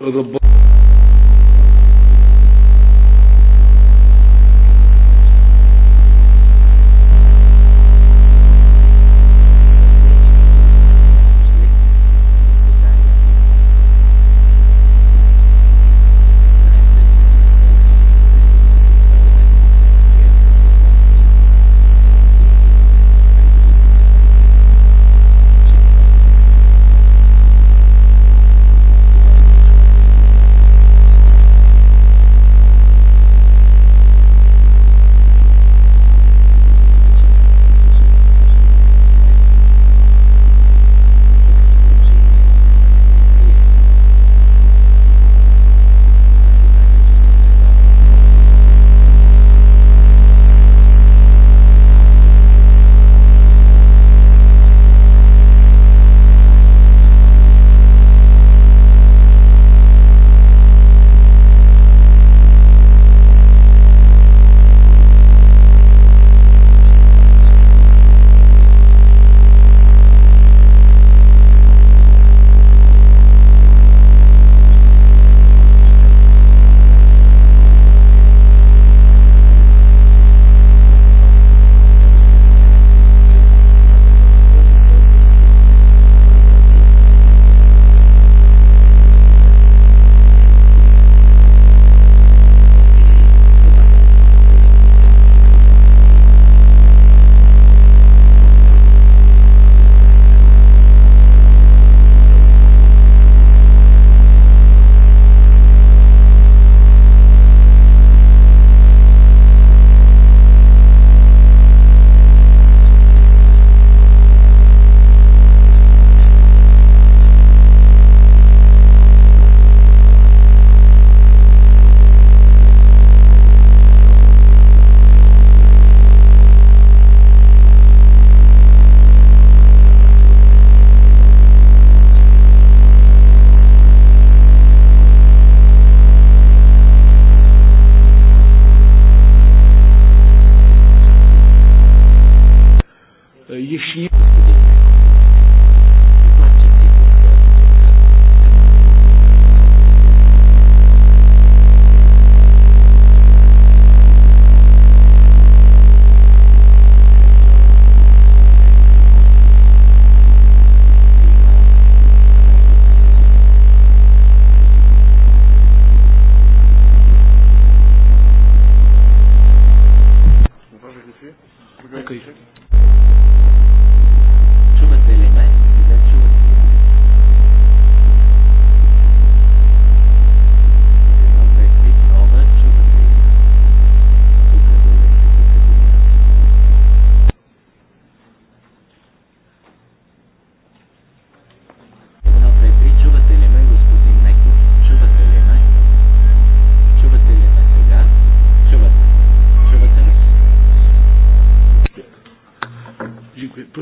работи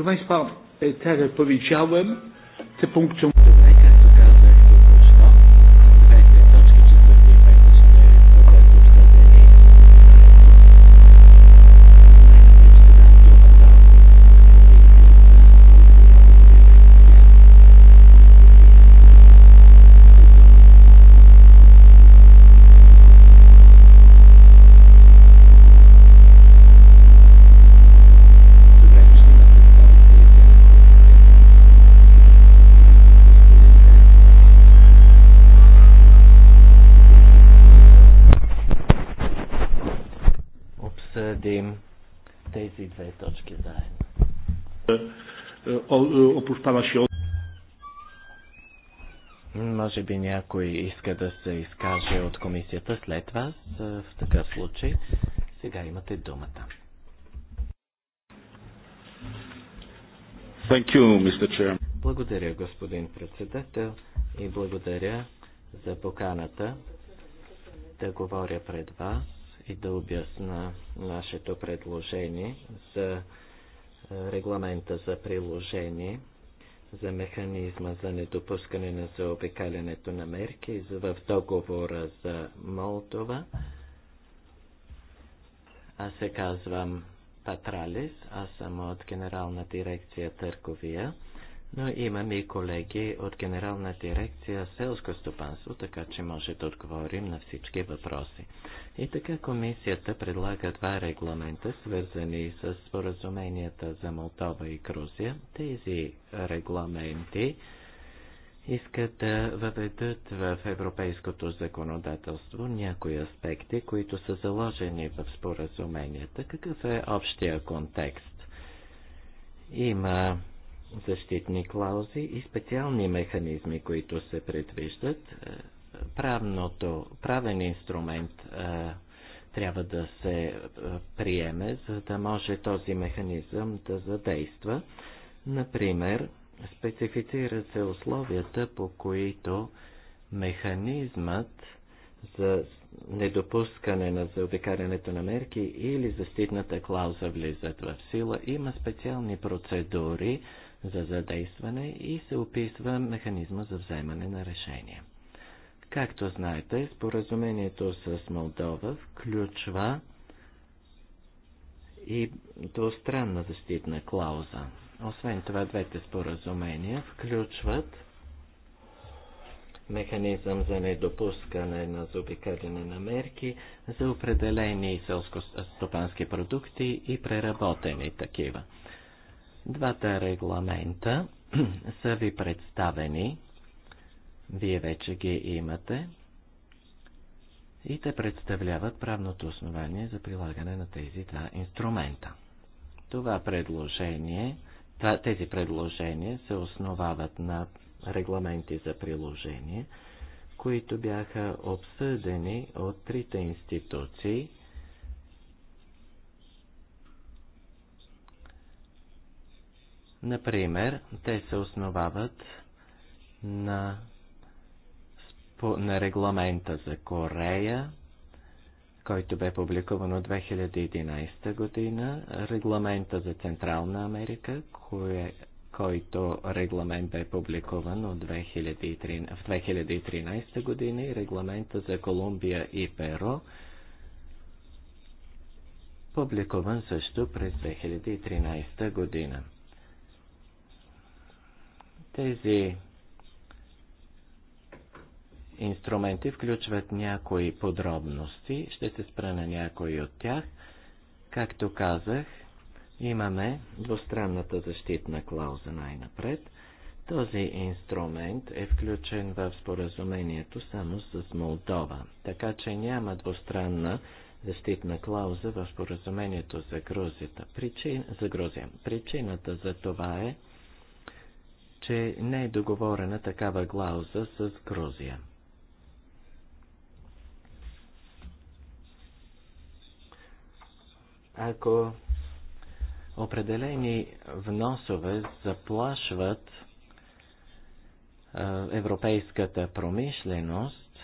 Proszę Państwa, tak jak powiedziałem, te punkty обсъдим тези две точки заедно. Е, Може би някой иска да се изкаже от комисията след вас. Е, в такъв случай сега имате думата. Thank you, Mr. Chair. Благодаря, господин председател, и благодаря за поканата да говоря пред вас и да обясна нашето предложение за е, регламента за приложение за механизма за недопускане на заобикалянето на мерки в договора за Молдова. Аз се казвам Патралис, аз съм от Генерална дирекция Търговия но имам и колеги от Генерална дирекция Селско стопанство, така че може да отговорим на всички въпроси. И така комисията предлага два регламента, свързани с споразуменията за Молдова и Грузия. Тези регламенти искат да въведат в европейското законодателство някои аспекти, които са заложени в споразуменията. Какъв е общия контекст? Има защитни клаузи и специални механизми, които се предвиждат. Е, правното, правен инструмент е, трябва да се е, приеме, за да може този механизъм да задейства. Например, специфицират се условията, по които механизмът за недопускане на заобикарянето на мерки или защитната клауза влизат в сила. Има специални процедури, за задействане и се описва механизма за вземане на решения. Както знаете, споразумението с Молдова включва и двустранна защитна клауза. Освен това, двете споразумения включват механизъм за недопускане на заобикаляне на мерки за определени селско-стопански продукти и преработени такива. Двата регламента са ви представени. Вие вече ги имате. И те представляват правното основание за прилагане на тези два инструмента. Това предложение, тези предложения се основават на регламенти за приложение, които бяха обсъдени от трите институции – Например, те се основават на, на регламента за Корея, който бе публикуван от 2011 година, регламента за Централна Америка, кое, който регламент бе публикуван от 2013, в 2013 година и регламента за Колумбия и Перо, публикуван също през 2013 година. Тези инструменти включват някои подробности. Ще се спра на някои от тях. Както казах, имаме двустранната защитна клауза най-напред. Този инструмент е включен в споразумението само с Молдова, така че няма двустранна защитна клауза в споразумението за, Грузията. Причин... за Грузия. Причината за това е, че не е договорена такава глауза с Грузия. Ако определени вносове заплашват европейската промишленост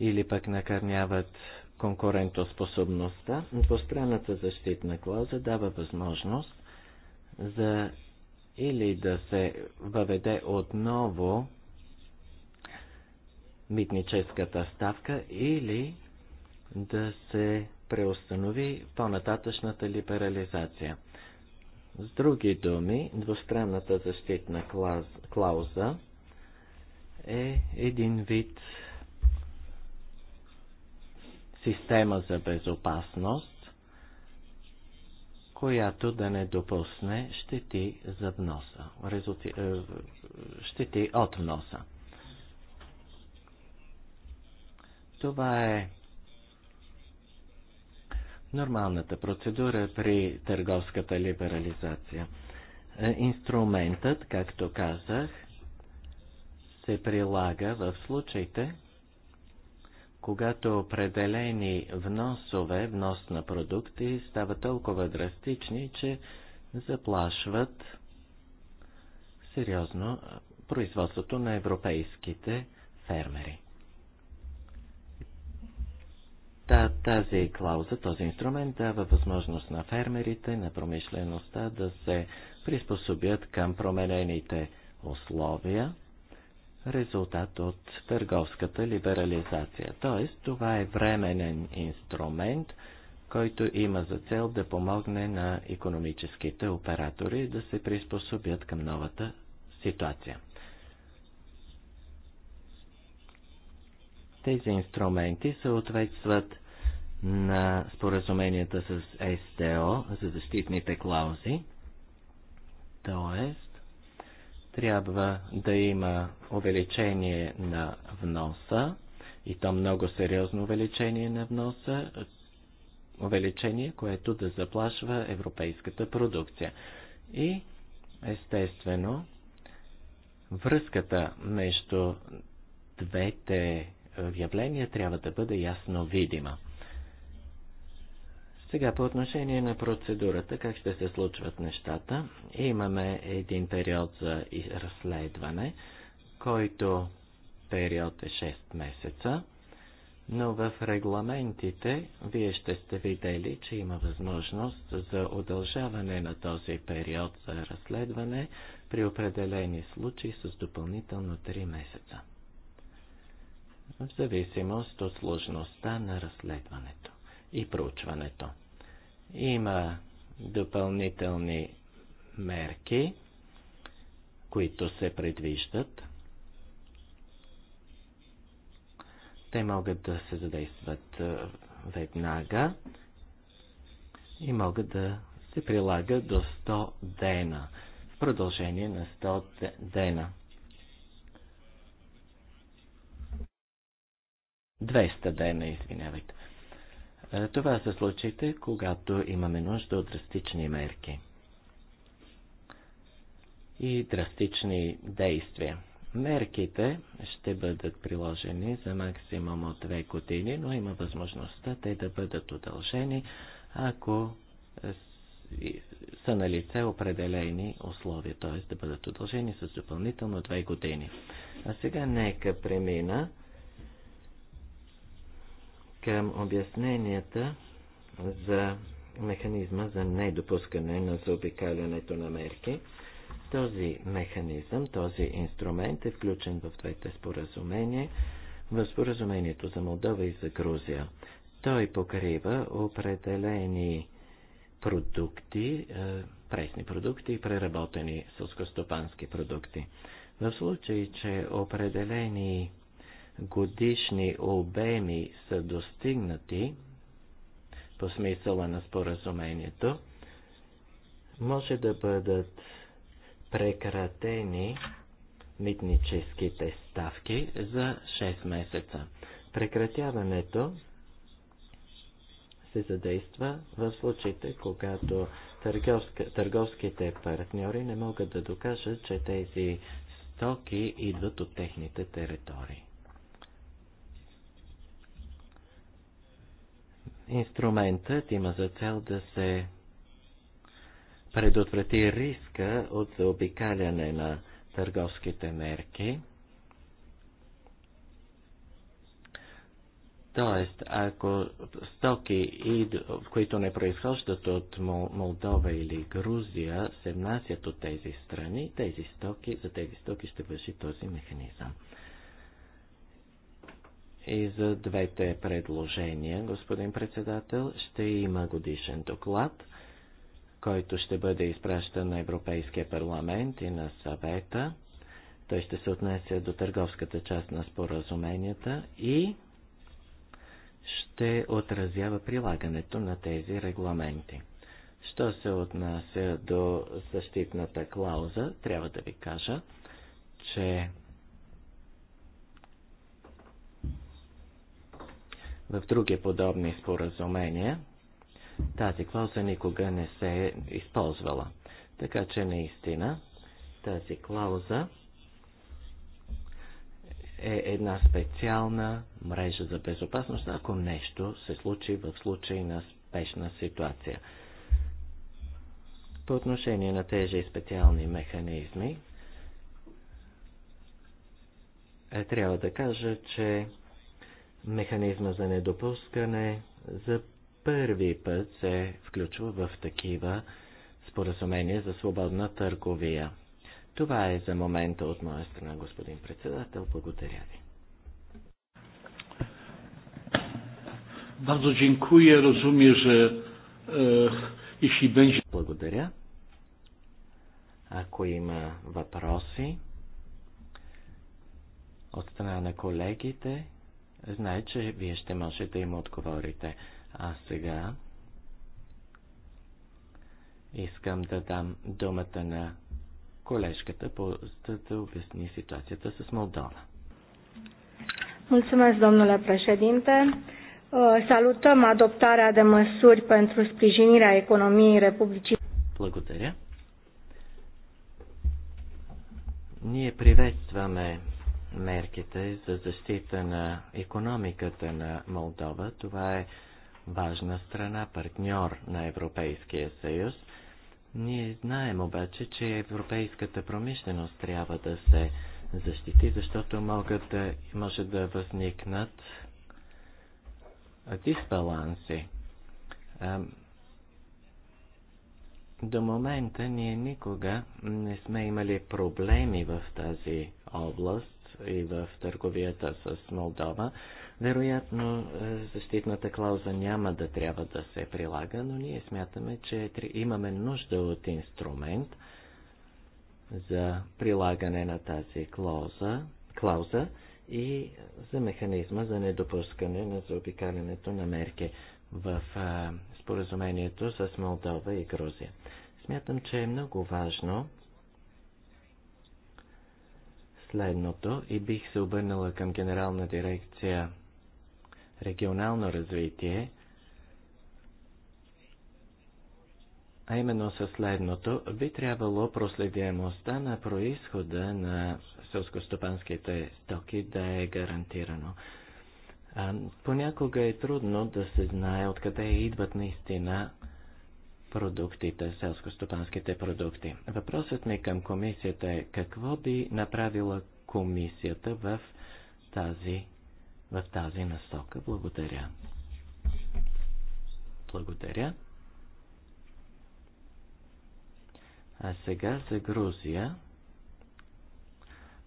или пък накърняват конкурентоспособността, двустранната защитна клауза дава възможност за или да се въведе отново митническата ставка или да се преустанови по-нататъчната либерализация. С други думи, двустранната защитна клауз, клауза е един вид система за безопасност, която да не допусне щети за вноса, резулти... Е, щети от вноса. Това е нормалната процедура при търговската либерализация. Е, инструментът, както казах, се прилага в случаите, когато определени вносове, внос на продукти стават толкова драстични, че заплашват сериозно производството на европейските фермери. Та, тази клауза, този инструмент дава възможност на фермерите, на промишлеността да се приспособят към променените условия, резултат от търговската либерализация. Т.е. това е временен инструмент, който има за цел да помогне на економическите оператори да се приспособят към новата ситуация. Тези инструменти съответстват на споразуменията с СТО за защитните клаузи, т.е. Трябва да има увеличение на вноса и то много сериозно увеличение на вноса, увеличение, което да заплашва европейската продукция. И естествено, връзката между двете е, явления трябва да бъде ясно видима. Сега по отношение на процедурата, как ще се случват нещата, имаме един период за разследване, който период е 6 месеца, но в регламентите вие ще сте видели, че има възможност за удължаване на този период за разследване при определени случаи с допълнително 3 месеца, в зависимост от сложността на разследването и проучването. Има допълнителни мерки, които се предвиждат. Те могат да се задействат е, веднага и могат да се прилагат до 100 дена, в продължение на 100 дена. 200 дена, извинявайте. Е, това са случаите, когато имаме нужда от драстични мерки и драстични действия. Мерките ще бъдат приложени за максимум от две години, но има възможността те да бъдат удължени, ако са на лице определени условия, т.е. да бъдат удължени с допълнително две години. А сега нека премина към обясненията за механизма за недопускане на заобикалянето на мерки. Този механизъм, този инструмент е включен в двете споразумения, в споразумението за Молдова и за Грузия. Той покрива определени продукти, е, пресни продукти и преработени сълскостопански продукти. В случай, че определени годишни обеми са достигнати по смисъла на споразумението, може да бъдат прекратени митническите ставки за 6 месеца. Прекратяването се задейства в случаите, когато търговските партньори не могат да докажат, че тези стоки идват от техните територии. Инструментът има за цел да се предотврати риска от заобикаляне на търговските мерки. Тоест, ако стоки, които не произхождат от Молдова или Грузия, се внасят от тези страни, тези стоки, за тези стоки ще върши този механизъм и за двете предложения, господин председател. Ще има годишен доклад, който ще бъде изпращан на Европейския парламент и на съвета. Той ще се отнесе до търговската част на споразуменията и ще отразява прилагането на тези регламенти. Що се отнася до защитната клауза, трябва да ви кажа, че в други подобни споразумения, тази клауза никога не се е използвала. Така че наистина тази клауза е една специална мрежа за безопасност, ако нещо се случи в случай на спешна ситуация. По отношение на тези специални механизми, е, трябва да кажа, че Механизма за недопускане за първи път се включва в такива споразумения за свободна търговия. Това е за момента от моя страна, господин председател. Благодаря ви. Bardzo dziękuję. Rozumiem, че e, jeśli Благодаря. Ако има въпроси от страна на колегите, знае, че вие ще може да им отговорите. А сега искам да дам думата на колежката, по, за да обясни ситуацията с Молдова. Mulțumesc, domnule președinte. Salutăm adoptarea de măsuri pentru sprijinirea economiei Republicii. Благодаря. Ние приветстваме мерките за защита на економиката на Молдова. Това е важна страна, партньор на Европейския съюз. Ние знаем обаче, че европейската промишленост трябва да се защити, защото могат да, може да възникнат дисбаланси. До момента ние никога не сме имали проблеми в тази област, и в търговията с Молдова. Вероятно, е, защитната клауза няма да трябва да се прилага, но ние смятаме, че имаме нужда от инструмент за прилагане на тази клауза, клауза и за механизма за недопускане на заобикалянето на мерки в е, споразумението с Молдова и Грузия. Смятам, че е много важно следното и бих се обърнала към Генерална дирекция регионално развитие, а именно със следното, би трябвало проследяемостта на происхода на селскостопанските стоки да е гарантирано. А, понякога е трудно да се знае откъде идват наистина продуктите, селскостопанските продукти. Въпросът ми към комисията е какво би направила комисията в тази, в тази насока. Благодаря. Благодаря. А сега за Грузия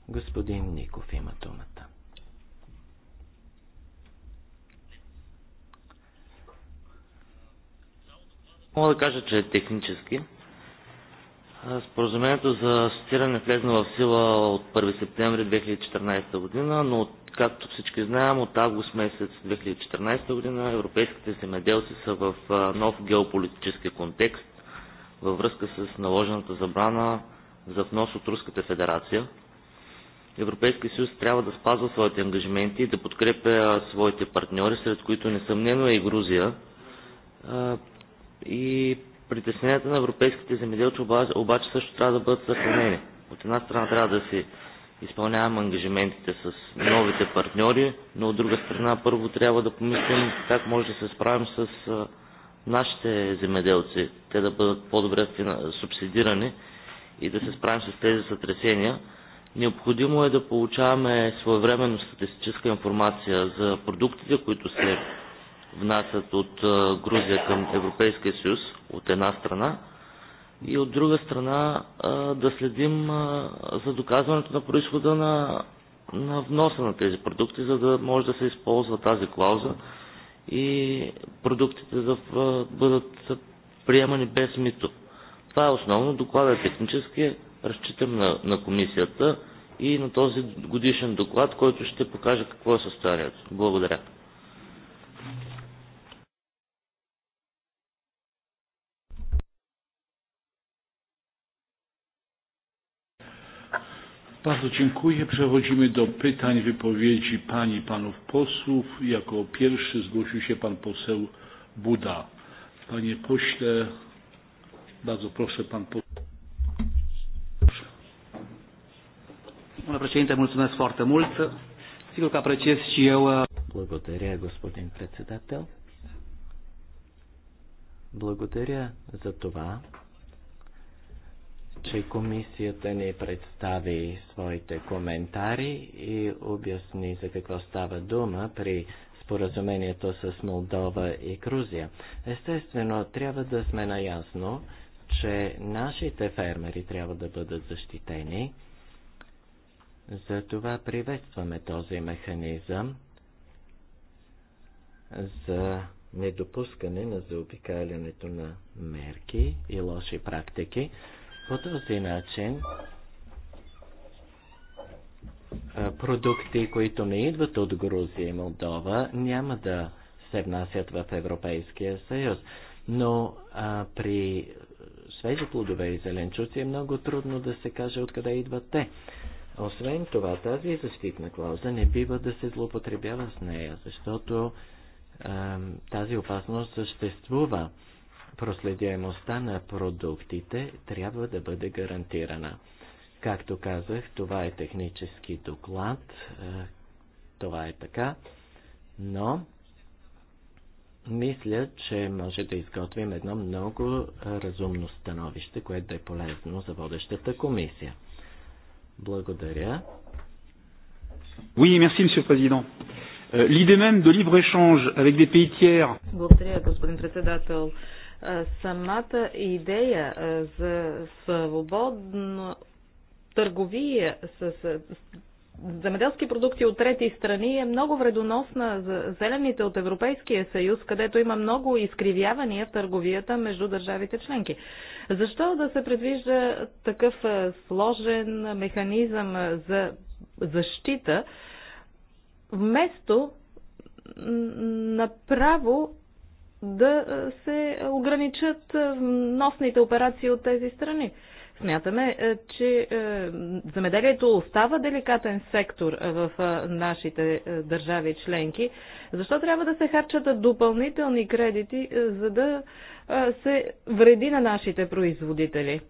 господин Ников има думата. Мога да кажа, че е технически. Споразумението за асоцииране влезна в сила от 1 септември 2014 година, но както всички знаем, от август месец 2014 година европейските земеделци са в нов геополитически контекст във връзка с наложената забрана за внос от Руската федерация. Европейския съюз трябва да спазва своите ангажименти и да подкрепя своите партньори, сред които несъмнено е и Грузия, и притесненията на европейските земеделци обаче, обаче също трябва да бъдат съхранени. От една страна трябва да си изпълняваме ангажиментите с новите партньори, но от друга страна първо трябва да помислим как може да се справим с нашите земеделци, те да бъдат по-добре субсидирани и да се справим с тези сътресения. Необходимо е да получаваме своевременно статистическа информация за продуктите, които се внасят от Грузия към Европейския съюз, от една страна, и от друга страна да следим за доказването на происхода на, на вноса на тези продукти, за да може да се използва тази клауза и продуктите да бъдат приемани без мито. Това е основно. Докладът е технически. Е, разчитам на, на комисията и на този годишен доклад, който ще покаже какво е състоянието. Благодаря. Bardzo dziękuję. Przechodzimy do pytań, wypowiedzi pani i panów posłów. Jako pierwszy zgłosił się pan poseł Buda. Panie pośle, bardzo proszę pan poseł. Domnule președinte, mulțumesc foarte mult. Sigur că apreciez și eu. Благодаря, господин председател. Благодаря за това, че комисията ни представи своите коментари и обясни за какво става дума при споразумението с Молдова и Крузия. Естествено, трябва да сме наясно, че нашите фермери трябва да бъдат защитени. Затова приветстваме този механизъм за недопускане на заобикалянето на мерки и лоши практики. По този начин продукти, които не идват от Грузия и Молдова, няма да се внасят в Европейския съюз. Но а, при свежи плодове и зеленчуци е много трудно да се каже откъде идват те. Освен това, тази защитна клауза не бива да се злоупотребява с нея, защото а, тази опасност съществува проследяемостта на продуктите трябва да бъде гарантирана. Както казах, това е технически доклад, е, това е така, но мисля, че може да изготвим едно много разумно становище, което да е полезно за водещата комисия. Благодаря. Oui, merci, monsieur le président. Е, l'idée même de libre-échange avec des pays tiers. Благодаря, господин председател самата идея за свободна търговия с земеделски продукти от трети страни е много вредоносна за зелените от Европейския съюз, където има много изкривявания в търговията между държавите членки. Защо да се предвижда такъв сложен механизъм за защита, вместо направо да се ограничат носните операции от тези страни. Смятаме, че замеделието остава деликатен сектор в нашите държави членки. Защо трябва да се харчат допълнителни кредити, за да се вреди на нашите производители?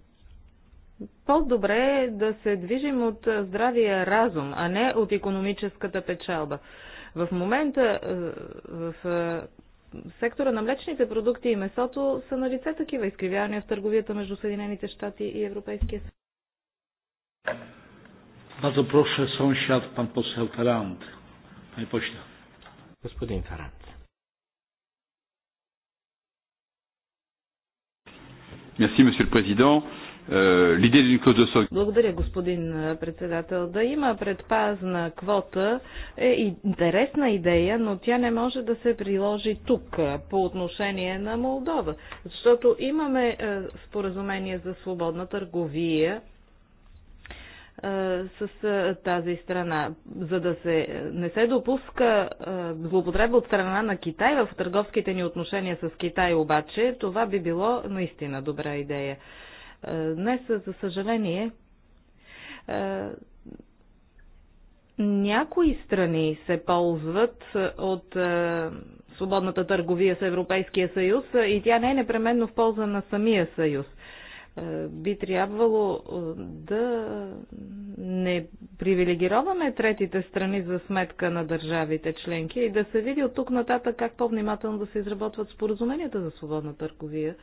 По-добре е да се движим от здравия разум, а не от економическата печалба. В момента в сектора на млечните продукти и месото са на лице такива изкривявания в търговията между Съединените щати и Европейския съюз. Bardzo proszę, sąsiad, pan poseł Ferrand. Panie pośle. Господин Феррант. Merci, monsieur le président. Е, лидери на clause de Благодаря, господин е, председател. Да има предпазна квота е интересна идея, но тя не може да се приложи тук е, по отношение на Молдова, защото имаме споразумение за свободна търговия с тази страна, за да се не се допуска злоупотреба от страна на Китай в търговските ни отношения с Китай обаче, това би било наистина добра идея. Е, днес, за съжаление, е, някои страни се ползват от е, свободната търговия с Европейския съюз и тя не е непременно в полза на самия съюз. Би трябвало да не привилегироваме третите страни за сметка на държавите членки и да се види от тук нататък как по-внимателно да се изработват споразуменията за свободна търговия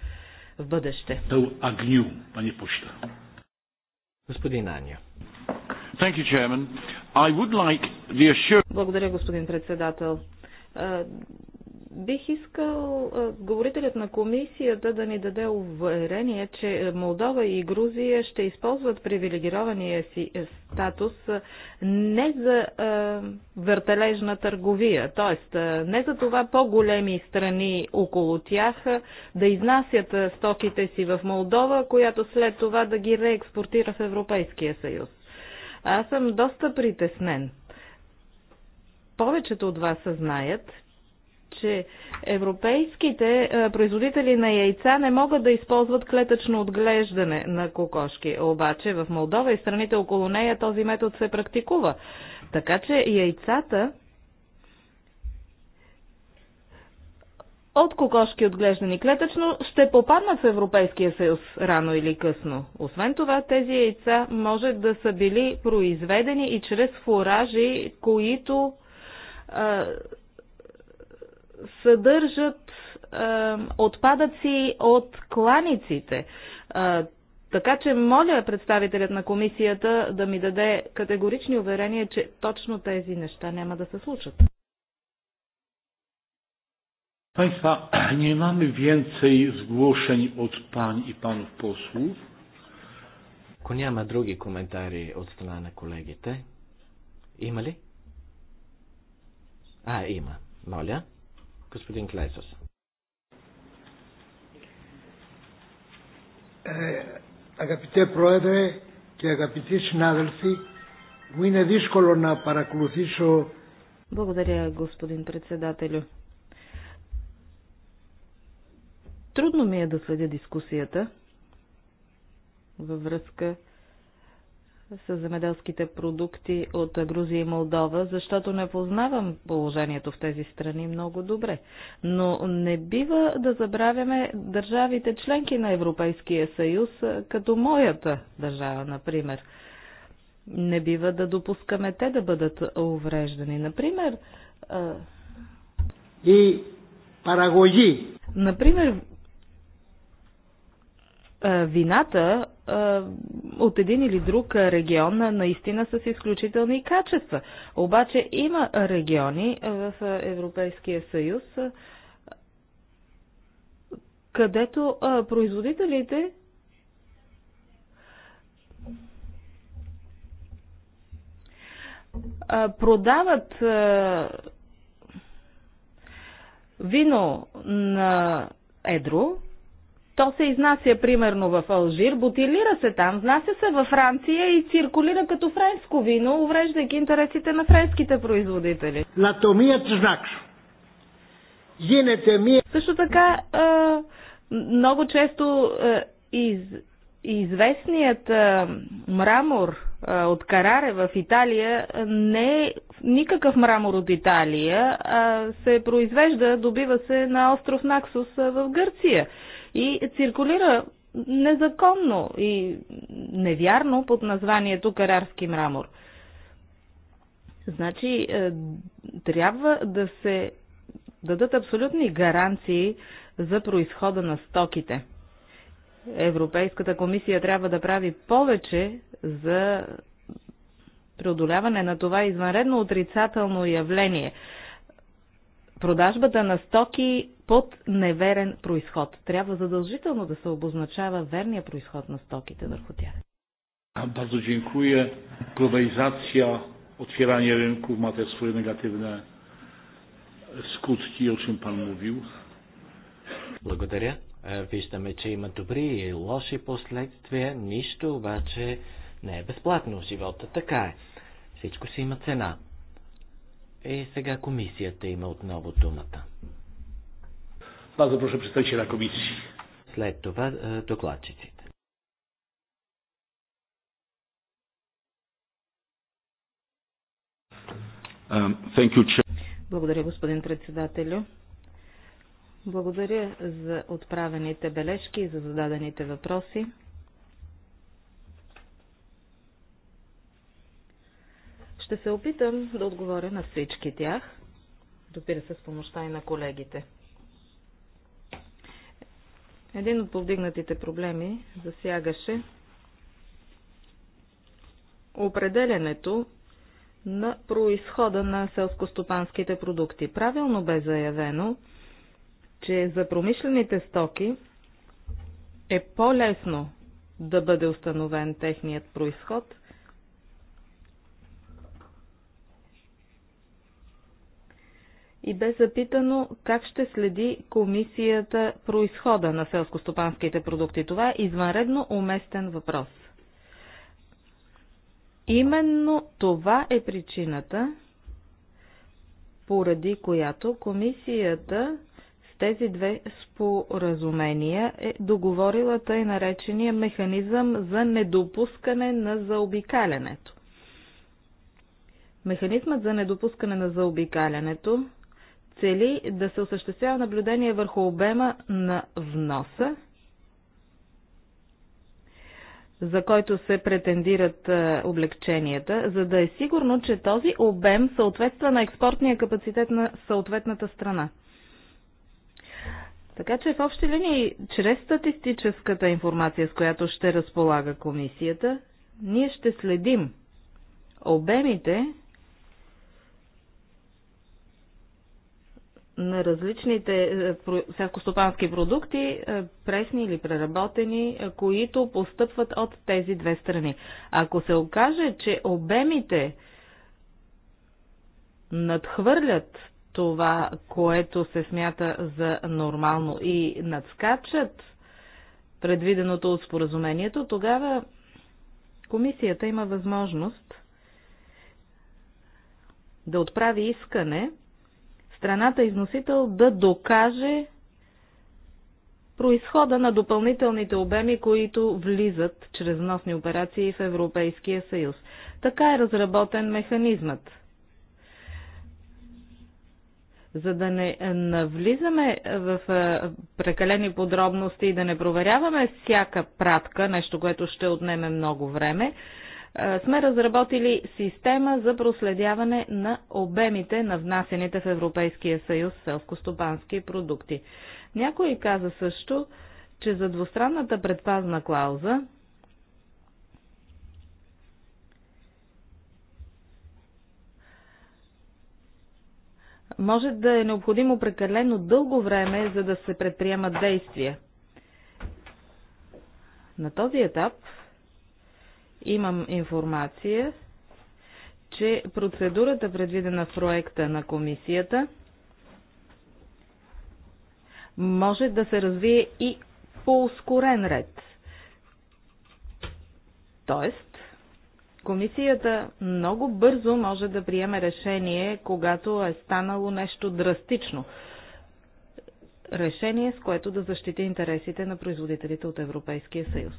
в бъдеще. Агню, пани поща. Господин Аня. Thank you, Chairman. I would like the assurance... Благодаря, господин председател Бих искал говорителят на комисията да ни даде уверение, че Молдова и Грузия ще използват привилегирования си е, статус не за въртележна търговия, т.е. не за това по-големи страни около тях да изнасят стоките си в Молдова, която след това да ги реекспортира в Европейския съюз. Аз съм доста притеснен повечето от вас знаят, че европейските е, производители на яйца не могат да използват клетъчно отглеждане на кокошки. Обаче в Молдова и страните около нея този метод се практикува. Така че яйцата от кокошки отглеждани клетъчно ще попаднат в Европейския съюз рано или късно. Освен това, тези яйца може да са били произведени и чрез фуражи, които съдържат отпадъци от кланиците. Така че моля представителят на комисията да ми даде категорични уверения, че точно тези неща няма да се случат. Państwa, nie mamy więcej zgłoszeń od pań i panów posłów. Ако няма други коментари от страна на колегите, има ли? А, има. Моля. Господин Клайсос. Е, агапите Πρόεδρε και αγαπητοί συνάδελφοι, μου είναι δύσκολο να παρακολουθήσω... Благодаря, господин председателю. Трудно ми е да следя дискусията във връзка с земеделските продукти от Грузия и Молдова, защото не познавам положението в тези страни много добре. Но не бива да забравяме държавите членки на Европейския съюз, като моята държава, например. Не бива да допускаме те да бъдат увреждани. Например, и парагоги. Например, вината е, от един или друг регион наистина с изключителни качества. Обаче има региони е, в Европейския съюз, е, където производителите продават вино на едро, то се изнася примерно в Алжир, бутилира се там, внася се във Франция и циркулира като френско вино, увреждайки интересите на френските производители. Латомият знак. Гинете ми. Също така, много често из, известният мрамор от Караре в Италия не е никакъв мрамор от Италия, а се произвежда, добива се на остров Наксус в Гърция и циркулира незаконно и невярно под названието Карарски мрамор. Значи, е, трябва да се дадат абсолютни гаранции за происхода на стоките. Европейската комисия трябва да прави повече за преодоляване на това извънредно отрицателно явление. Продажбата на стоки под неверен происход. Трябва задължително да се обозначава верния происход на стоките върху тях. Bardzo dziękuję. Globalizacja, otwieranie rynków ma też swoje negatywne skutki, o czym Pan mówił. Благодаря. Е, виждаме, че има добри и лоши последствия. Нищо обаче не е безплатно. Живота така е. Всичко си има цена. И е, сега комисията има отново думата. Bardzo proszę przedstawiciela komisji. След това е, докладчиците. Um, Благодаря, господин председателю. Благодаря за отправените бележки и за зададените въпроси. Ще се опитам да отговоря на всички тях, допира се с помощта и на колегите. Един от повдигнатите проблеми засягаше определенето на происхода на селскостопанските продукти. Правилно бе заявено, че за промишлените стоки е по-лесно да бъде установен техният происход, и бе запитано как ще следи комисията происхода на селскостопанските продукти. Това е извънредно уместен въпрос. Именно това е причината, поради която комисията с тези две споразумения е договорила тъй наречения механизъм за недопускане на заобикалянето. Механизмът за недопускане на заобикалянето цели да се осъществява наблюдение върху обема на вноса, за който се претендират е, облегченията, за да е сигурно, че този обем съответства на експортния капацитет на съответната страна. Така че в общи линии, чрез статистическата информация, с която ще разполага комисията, ние ще следим обемите на различните е, селскостопански продукти, е, пресни или преработени, е, които постъпват от тези две страни. Ако се окаже, че обемите надхвърлят това, което се смята за нормално и надскачат предвиденото от споразумението, тогава комисията има възможност да отправи искане страната износител да докаже происхода на допълнителните обеми, които влизат чрез носни операции в Европейския съюз. Така е разработен механизмът. За да не навлизаме в прекалени подробности и да не проверяваме всяка пратка, нещо, което ще отнеме много време, е, сме разработили система за проследяване на обемите на внасените в Европейския съюз селскостопански продукти. Някой каза също, че за двустранната предпазна клауза може да е необходимо прекалено дълго време, за да се предприемат действия. На този етап имам информация, че процедурата, предвидена в проекта на комисията, може да се развие и по ускорен ред. Тоест, комисията много бързо може да приеме решение, когато е станало нещо драстично. Решение, с което да защити интересите на производителите от Европейския съюз.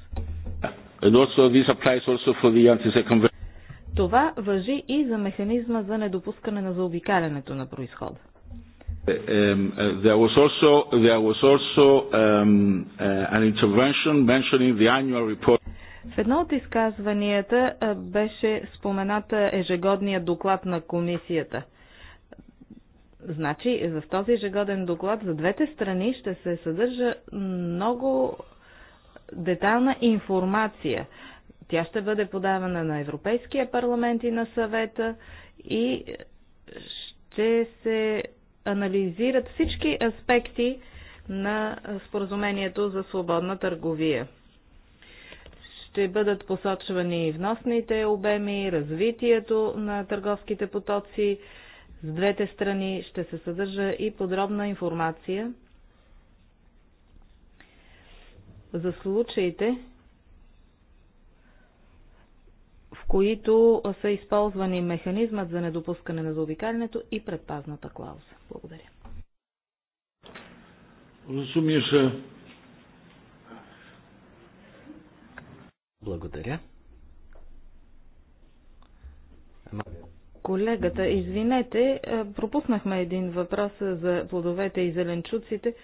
Това въжи и за механизма за недопускане на заобикалянето на происхода. Е, е, е, в едно от изказванията беше спомената ежегодния доклад на комисията. Значи, в този ежегоден доклад за двете страни ще се съдържа много детална информация. Тя ще бъде подавана на Европейския парламент и на съвета и ще се анализират всички аспекти на споразумението за свободна търговия. Ще бъдат посочвани вносните обеми, развитието на търговските потоци с двете страни, ще се съдържа и подробна информация за случаите, в които са използвани механизмът за недопускане на заобикалянето и предпазната клауза. Благодаря. Разумиша. Благодаря. Колегата, извинете, пропуснахме един въпрос за плодовете и зеленчуците.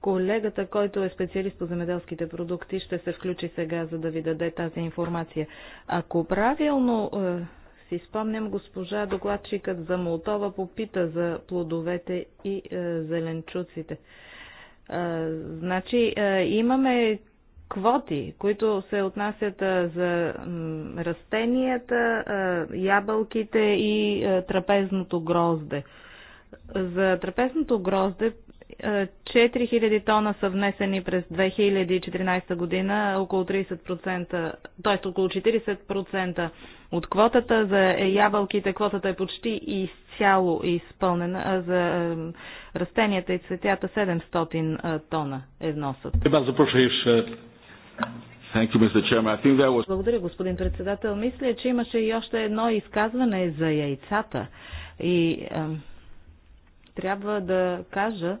Колегата, който е специалист по земеделските продукти, ще се включи сега, за да ви даде тази информация. Ако правилно е, си спомням, госпожа докладчикът за Молтова попита за плодовете и е, зеленчуците. Е, значи, е, имаме квоти, които се отнасят е, за растенията, е, ябълките и е, трапезното грозде. За трапезното грозде 4000 тона са внесени през 2014 година, около 30%, т.е. около 40% от квотата за ябълките. Квотата е почти изцяло изпълнена, а за е, растенията и цветята 700 е, тона е вносът. Благодаря, господин председател. Мисля, че имаше и още едно изказване за яйцата. И трябва да кажа,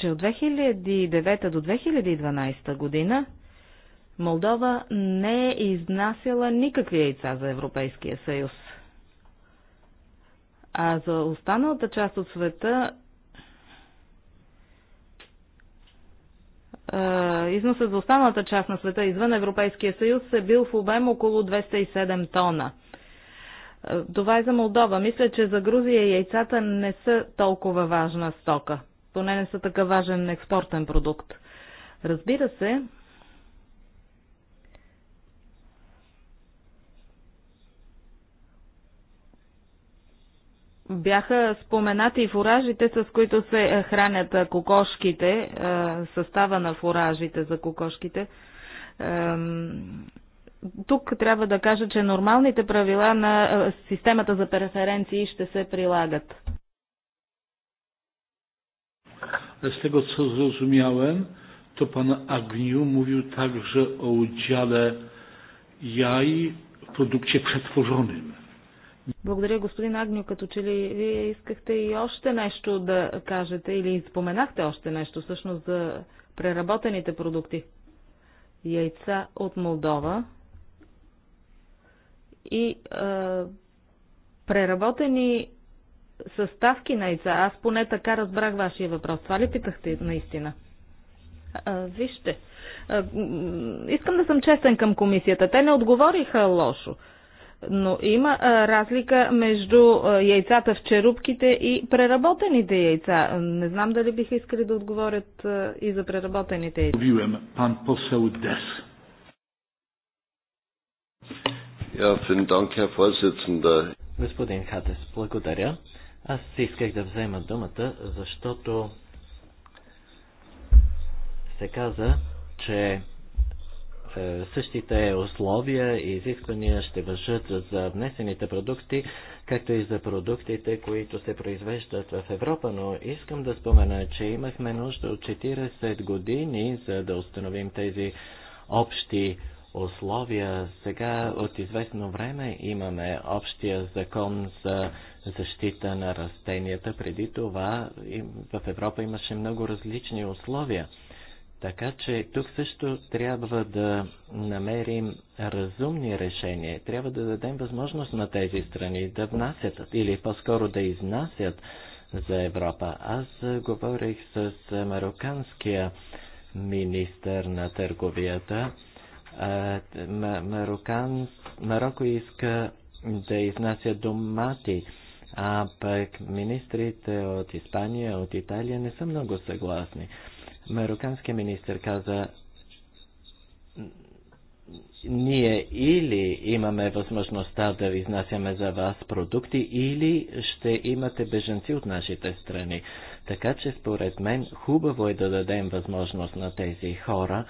че от 2009 до 2012 година Молдова не е изнасяла никакви яйца за Европейския съюз. А за останалата част от света износът за останалата част на света извън Европейския съюз е бил в обем около 207 тона. Това е за Молдова. Мисля, че за Грузия яйцата не са толкова важна стока поне не са така важен експортен продукт. Разбира се, бяха споменати фуражите, с които се хранят кокошките, състава на фуражите за кокошките. Тук трябва да кажа, че нормалните правила на системата за преференции ще се прилагат z tego co zrozumiałem, to pan Agniu mówił także o udziale jaj в produkcie przetworzonym. Благодаря, господин Агню. Като че ли вие искахте и още нещо да кажете или споменахте още нещо всъщност за преработените продукти? Яйца от Молдова и е, преработени съставки на яйца. Аз поне така разбрах вашия въпрос. Това ли питахте наистина? А, вижте, а, искам да съм честен към комисията. Те не отговориха лошо. Но има а, разлика между а, яйцата в черупките и преработените яйца. Не знам дали биха искали да отговорят а, и за преработените яйца. Господин Хатес, благодаря. Аз исках да взема думата, защото се каза, че е, същите условия и изисквания ще въжат за внесените продукти, както и за продуктите, които се произвеждат в Европа, но искам да спомена, че имахме нужда от 40 години, за да установим тези общи условия. Сега от известно време имаме общия закон за защита на растенията. Преди това в Европа имаше много различни условия. Така че тук също трябва да намерим разумни решения. Трябва да дадем възможност на тези страни да внасят или по-скоро да изнасят за Европа. Аз говорих с мароканския министър на търговията Марокан, Марокко иска да изнася домати, а пък министрите от Испания, от Италия не са много съгласни. Мароканският министр каза, ние или имаме възможността да изнасяме за вас продукти, или ще имате беженци от нашите страни. Така че според мен хубаво е да дадем възможност на тези хора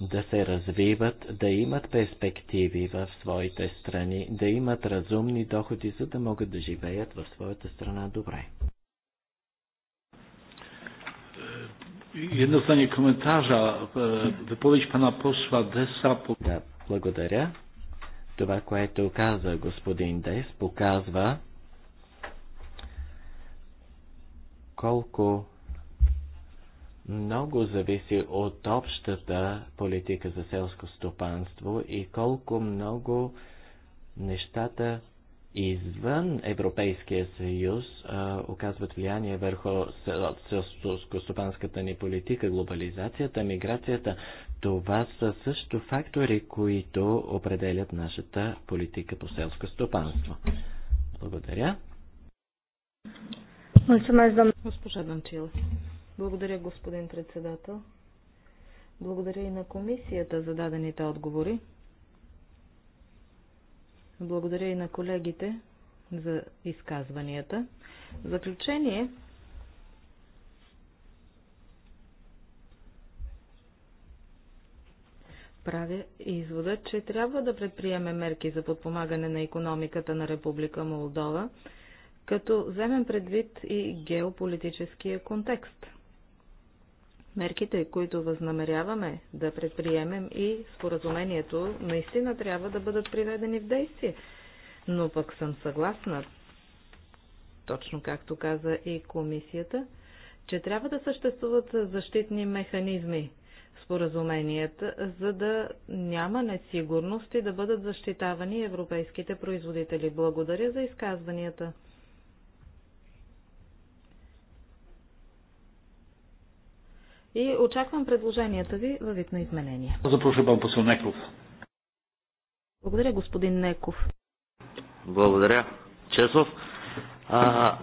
да се развиват, да имат перспективи в своите страни, да имат разумни доходи, за да могат да живеят в своята страна добре. Едно стане коментажа, Wypowiedź pana posła Dessa. Да, благодаря. Това, което каза господин Дес, показва колко много зависи от общата политика за селско стопанство и колко много нещата извън Европейския съюз а, оказват влияние върху селско-стопанската ни политика, глобализацията, миграцията. Това са също фактори, които определят нашата политика по селско стопанство. Благодаря. Mulțumesc, за Госпожа Данчила. Благодаря, господин председател. Благодаря и на комисията за дадените отговори. Благодаря и на колегите за изказванията. В заключение, правя извода, че трябва да предприеме мерки за подпомагане на економиката на Република Молдова, като вземем предвид и геополитическия контекст – мерките, които възнамеряваме да предприемем и споразумението, наистина трябва да бъдат приведени в действие. Но пък съм съгласна, точно както каза и комисията, че трябва да съществуват защитни механизми в споразуменията, за да няма несигурност и да бъдат защитавани европейските производители. Благодаря за изказванията. и очаквам предложенията ви във вид на изменения. Запрошу пан Неков. Благодаря, господин Неков. Благодаря, Чесов. А,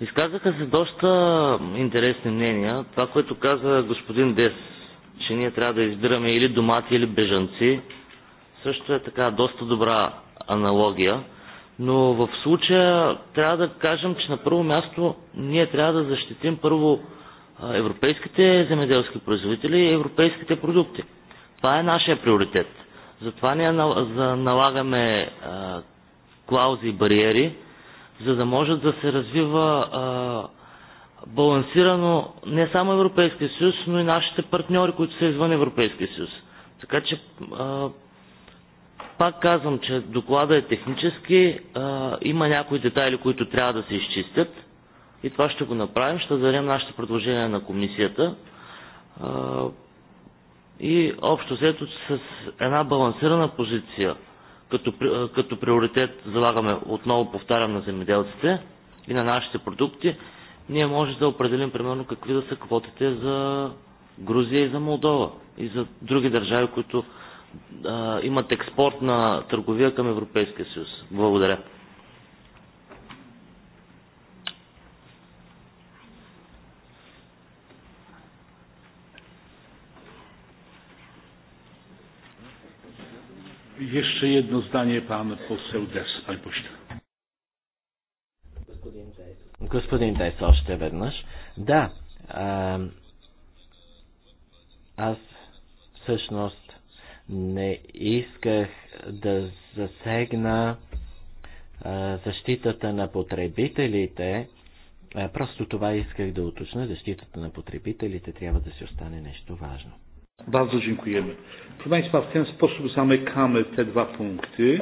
изказаха се доста интересни мнения. Това, което каза господин Дес, че ние трябва да избираме или домати, или бежанци, също е така доста добра аналогия. Но в случая трябва да кажем, че на първо място ние трябва да защитим първо европейските земеделски производители и европейските продукти. Това е нашия приоритет. Затова ние налагаме клаузи и бариери, за да може да се развива балансирано не само Европейския съюз, но и нашите партньори, които са извън Европейския съюз. Така че пак казвам, че доклада е технически, има някои детайли, които трябва да се изчистят – и това ще го направим. Ще дадем нашите предложения на комисията и общо взето с една балансирана позиция като, като приоритет залагаме, отново повтарям, на земеделците и на нашите продукти, ние може да определим примерно какви да са квотите за Грузия и за Молдова и за други държави, които а, имат експорт на търговия към Европейския съюз. Благодаря. Jeszcze jedno zdanie pan poseł Des, panie pośle. Господин Дайс, още веднъж. Да, а, аз всъщност не исках да засегна а, защитата на потребителите. А, просто това исках да уточня. Защитата на потребителите трябва да си остане нещо важно. Bardzo dziękujemy. Proszę Państwa, w ten sposób zamykamy te dwa punkty.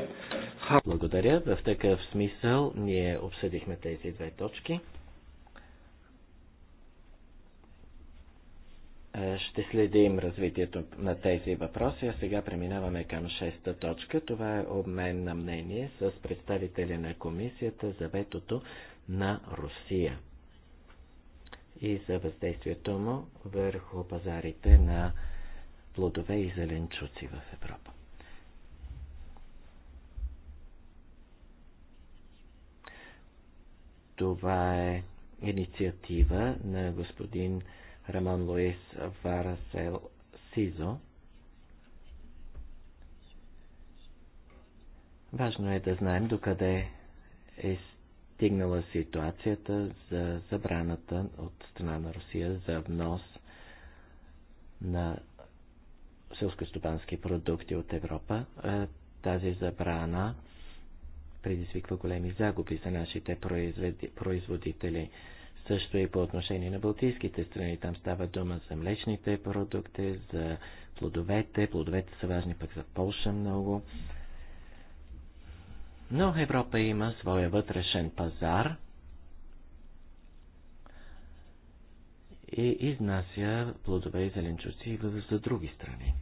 Благодаря. В такъв смисъл ние обсъдихме тези две точки. Е, ще следим развитието на тези въпроси, а сега преминаваме към шеста точка. Това е обмен на мнение с представители на Комисията за ветото на Русия и за въздействието му върху пазарите на плодове и зеленчуци в Европа. Това е инициатива на господин Рамон Луис Варасел Сизо. Важно е да знаем докъде е стигнала ситуацията за забраната от страна на Русия за внос на селскостопански продукти от Европа. Тази забрана предизвиква големи загуби за нашите производители. Също и по отношение на балтийските страни. Там става дума за млечните продукти, за плодовете. Плодовете са важни пък за Полша много. Но Европа има своя вътрешен пазар и изнася плодове и зеленчуци за други страни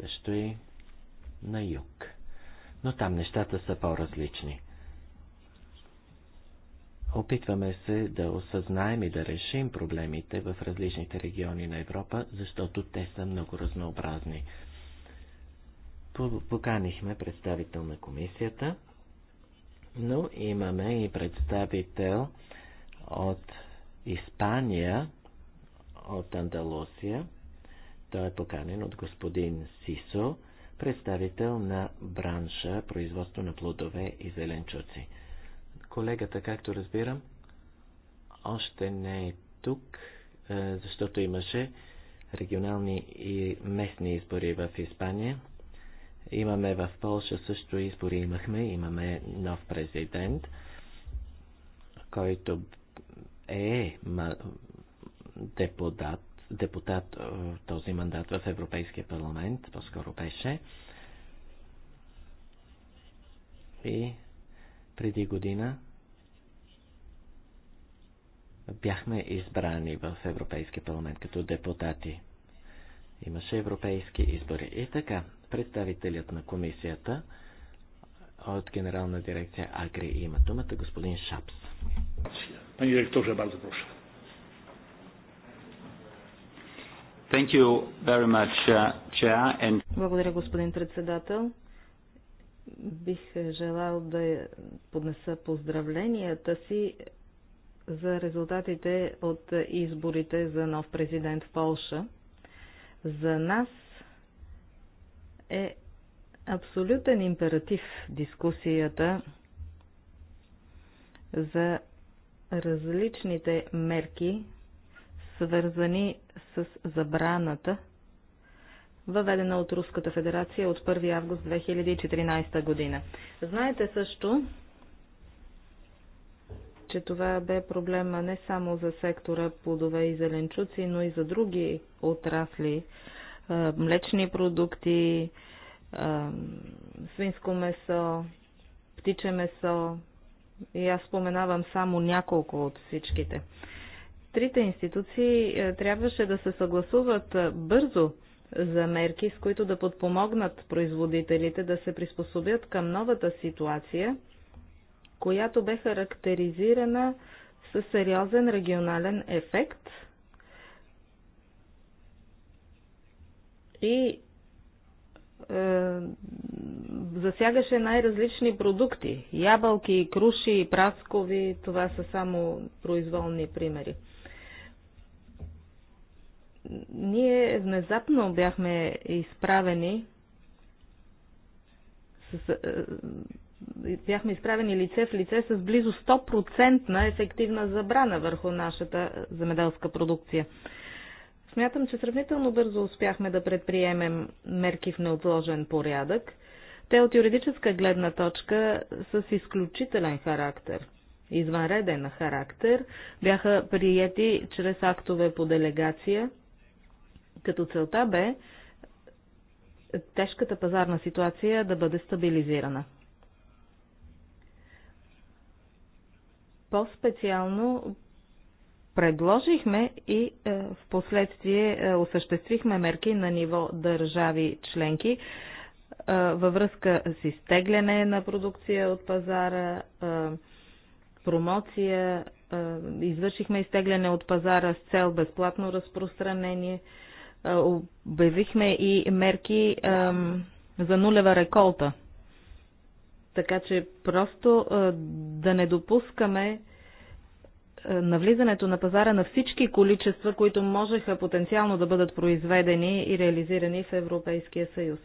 също и на юг. Но там нещата са по-различни. Опитваме се да осъзнаем и да решим проблемите в различните региони на Европа, защото те са много разнообразни. Поканихме представител на комисията, но имаме и представител от Испания, от Андалусия. Той е поканен от господин Сисо, представител на бранша производство на плодове и зеленчуци. Колегата, както разбирам, още не е тук, е, защото имаше регионални и местни избори в Испания. Имаме в Польша също избори имахме, имаме нов президент, който е депутат депутат в е, този мандат в Европейския парламент, по-скоро беше. И преди година бяхме избрани в Европейския парламент като депутати. Имаше европейски избори. И така, представителят на комисията от Генерална дирекция Агри има думата господин Шапс. Пани директор, бързо прошу. Thank you very much, uh, Chair. And... Благодаря, господин председател. Бих желал да поднеса поздравленията си за резултатите от изборите за нов президент в Полша. За нас е абсолютен императив дискусията за различните мерки, свързани с забраната, въведена от Руската федерация от 1 август 2014 година. Знаете също, че това бе проблема не само за сектора плодове и зеленчуци, но и за други отрасли, млечни продукти, свинско месо, птиче месо. И аз споменавам само няколко от всичките трите институции е, трябваше да се съгласуват е, бързо за мерки, с които да подпомогнат производителите да се приспособят към новата ситуация, която бе характеризирана с сериозен регионален ефект и е, засягаше най-различни продукти. Ябълки, круши, праскови, това са само произволни примери ние внезапно бяхме изправени с, е, бяхме изправени лице в лице с близо 100% на ефективна забрана върху нашата земеделска продукция. Смятам, че сравнително бързо успяхме да предприемем мерки в неотложен порядък. Те от юридическа гледна точка с изключителен характер, извънреден характер, бяха приети чрез актове по делегация – като целта бе тежката пазарна ситуация да бъде стабилизирана. По-специално предложихме и е, в последствие е, осъществихме мерки на ниво държави членки е, във връзка с изтегляне на продукция от пазара, промоция, извършихме изтегляне от пазара с цел безплатно разпространение – обявихме и мерки за нулева реколта. Така че просто да не допускаме навлизането на пазара на всички количества, които можеха потенциално да бъдат произведени и реализирани в Европейския съюз.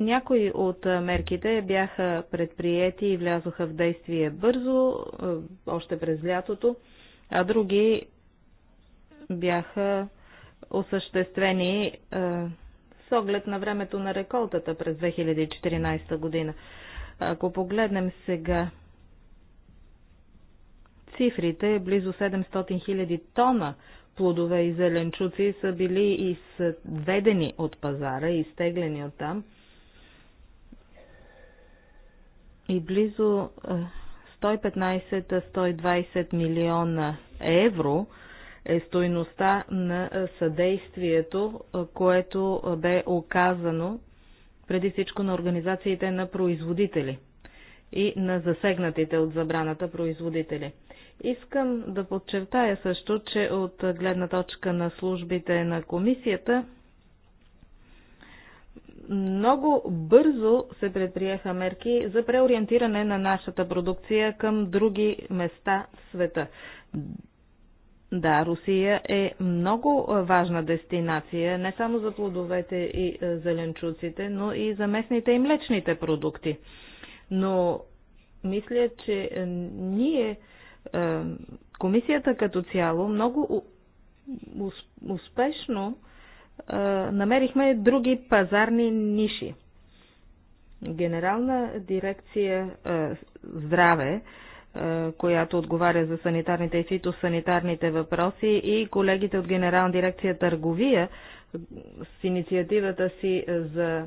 Някои от мерките бяха предприяти и влязоха в действие бързо, още през лятото, а други бяха осъществени е, с оглед на времето на реколтата през 2014 година. Ако погледнем сега цифрите, близо 700 000 тона плодове и зеленчуци са били изведени от пазара, изтеглени от там. И близо 115-120 е, милиона евро – е стойността на съдействието, което бе оказано преди всичко на организациите на производители и на засегнатите от забраната производители. Искам да подчертая също, че от гледна точка на службите на комисията, много бързо се предприеха мерки за преориентиране на нашата продукция към други места в света. Да, Русия е много важна дестинация, не само за плодовете и зеленчуците, но и за местните и млечните продукти. Но мисля, че ние, комисията като цяло, много успешно намерихме други пазарни ниши. Генерална дирекция здраве е, която отговаря за санитарните и фитосанитарните въпроси и колегите от Генерална дирекция Търговия с инициативата си за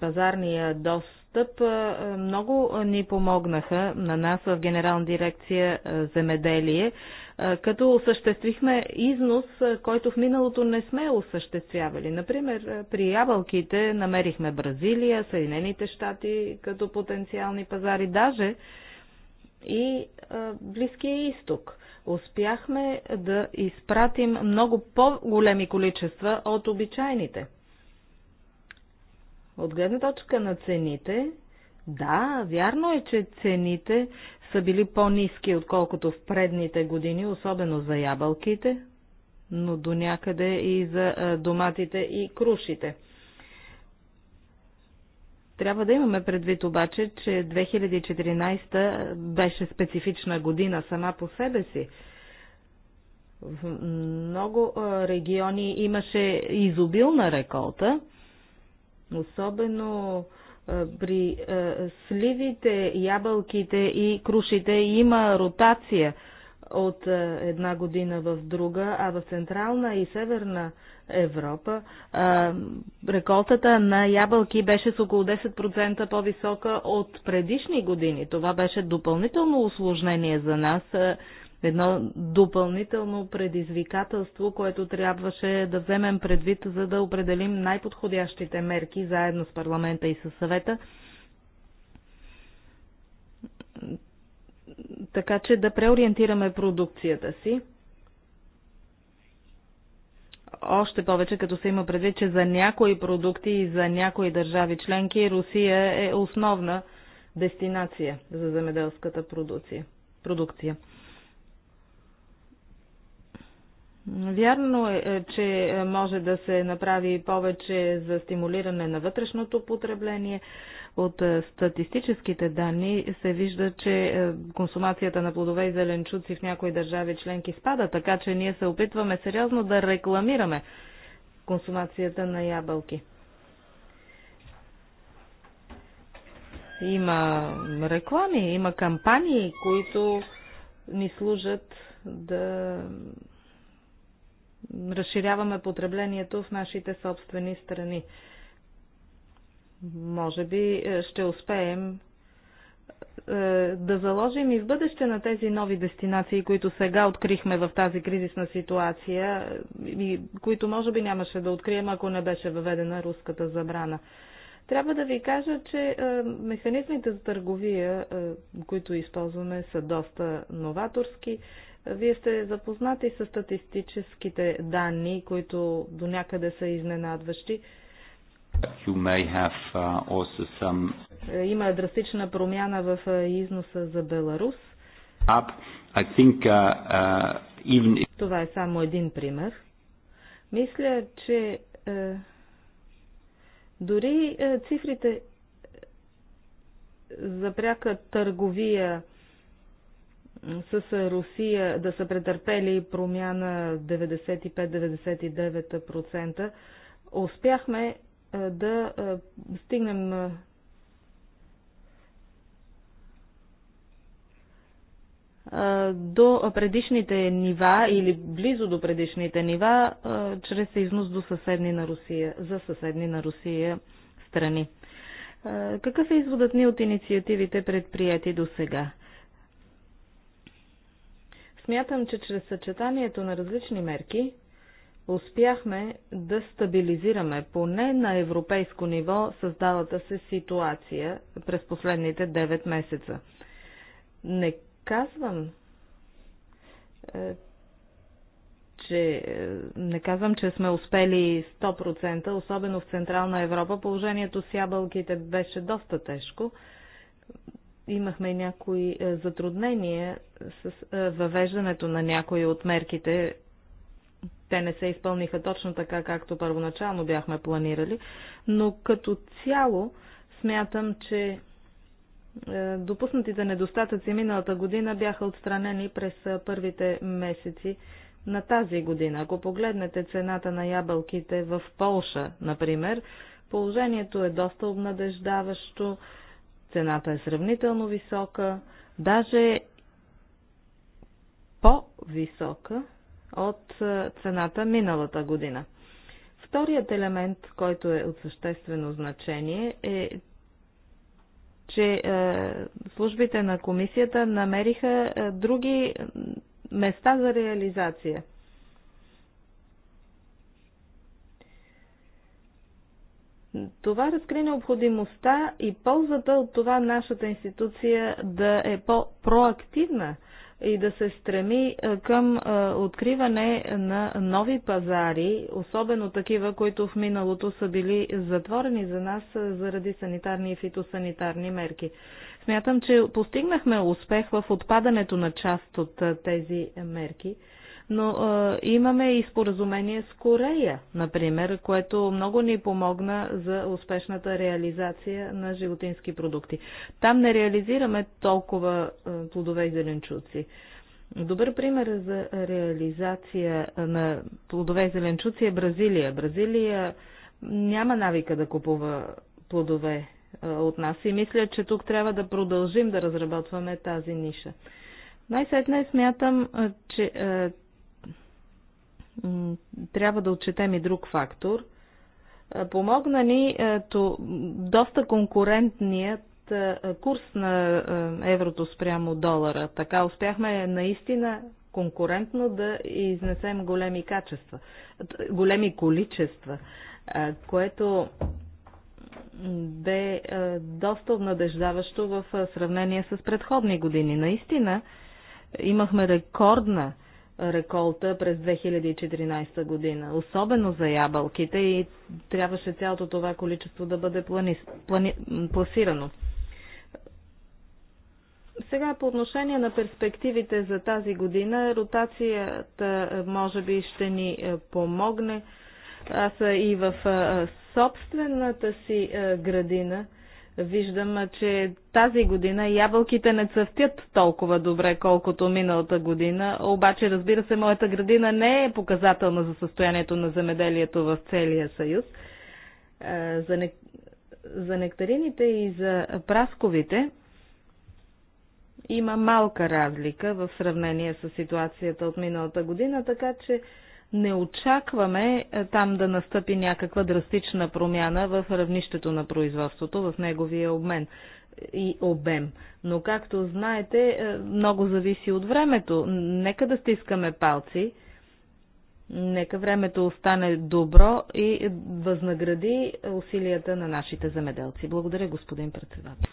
пазарния достъп е, много ни помогнаха на нас в Генерална дирекция е, Земеделие, като осъществихме износ, който в миналото не сме осъществявали. Например, при ябълките намерихме Бразилия, Съединените щати като потенциални пазари, даже и Близкия изток. Успяхме да изпратим много по-големи количества от обичайните. От гледна точка на цените, да, вярно е, че цените са били по-низки, отколкото в предните години, особено за ябълките, но до някъде и за доматите и крушите. Трябва да имаме предвид обаче, че 2014 беше специфична година сама по себе си. В много региони имаше изобилна реколта, особено при сливите, ябълките и крушите има ротация – от е, една година в друга, а в Централна и Северна Европа а, е, реколтата на ябълки беше с около 10% по-висока от предишни години. Това беше допълнително осложнение за нас, е, едно допълнително предизвикателство, което трябваше да вземем предвид, за да определим най-подходящите мерки заедно с парламента и със съвета така че да преориентираме продукцията си. Още повече, като се има предвид, че за някои продукти и за някои държави членки Русия е основна дестинация за земеделската продукция. продукция. Вярно е, е, че може да се направи повече за стимулиране на вътрешното потребление. От е, статистическите данни се вижда, че е, консумацията на плодове и зеленчуци в някои държави членки спада, така че ние се опитваме сериозно да рекламираме консумацията на ябълки. Има реклами, има кампании, които ни служат да разширяваме потреблението в нашите собствени страни. Може би е, ще успеем е, да заложим и в бъдеще на тези нови дестинации, които сега открихме в тази кризисна ситуация е, и които може би нямаше да открием, ако не беше въведена руската забрана. Трябва да ви кажа, че механизмите за търговия, които използваме, са доста новаторски. Вие сте запознати с статистическите данни, които до някъде са изненадващи. Uh, е, има драстична промяна в е, износа за Беларус. Uh, uh, Това е само един пример. Мисля, че е, дори цифрите за пряка търговия с Русия да са претърпели промяна 95-99%, успяхме е, да е, стигнем е, до предишните нива или близо до предишните нива чрез износ до съседни на Русия, за съседни на Русия страни. Какъв е изводът ни от инициативите предприяти до сега? Смятам, че чрез съчетанието на различни мерки успяхме да стабилизираме поне на европейско ниво създалата се ситуация през последните 9 месеца. Не казвам, е, че е, не казвам, че сме успели 100%, особено в Централна Европа. Положението с ябълките беше доста тежко. Имахме някои е, затруднения с въвеждането на някои от мерките те не се изпълниха точно така, както първоначално бяхме планирали, но като цяло смятам, че е, допуснатите недостатъци миналата година бяха отстранени през е, първите месеци на тази година. Ако погледнете цената на ябълките в Полша, например, положението е доста обнадеждаващо, цената е сравнително висока, даже по-висока от е, цената миналата година. Вторият елемент, който е от съществено значение е, че е, службите на комисията намериха е, други места за реализация. Това разкри необходимостта и ползата от това нашата институция да е по-проактивна и да се стреми към откриване на нови пазари, особено такива, които в миналото са били затворени за нас заради санитарни и фитосанитарни мерки. Смятам, че постигнахме успех в отпадането на част от тези мерки но а, имаме и споразумение с Корея, например, което много ни помогна за успешната реализация на животински продукти. Там не реализираме толкова а, плодове и зеленчуци. Добър пример за реализация на плодове и зеленчуци е Бразилия. Бразилия няма навика да купува плодове от нас и мисля, че тук трябва да продължим да разработваме тази ниша. Най-сетне смятам, че трябва да отчетем и друг фактор. Е, помогна ни е, то, доста конкурентният е, курс на еврото спрямо долара. Така успяхме наистина конкурентно да изнесем големи качества, големи количества, което бе доста обнадеждаващо в сравнение с предходни години. Наистина имахме рекордна реколта през 2014 година, особено за ябълките и трябваше цялото това количество да бъде плани... Плани... пласирано. Сега по отношение на перспективите за тази година, ротацията е, може би ще ни е, помогне. Аз е, и в собствената си градина Виждам, че тази година ябълките не цъфтят толкова добре, колкото миналата година. Обаче, разбира се, моята градина не е показателна за състоянието на земеделието в целия съюз. Е, за, не... за нектарините и за прасковите има малка разлика в сравнение с ситуацията от миналата година, така че не очакваме е, там да настъпи някаква драстична промяна в равнището на производството, в неговия обмен и обем. Но както знаете, е, много зависи от времето. Нека да стискаме палци, нека времето остане добро и възнагради усилията на нашите замеделци. Благодаря, господин председател.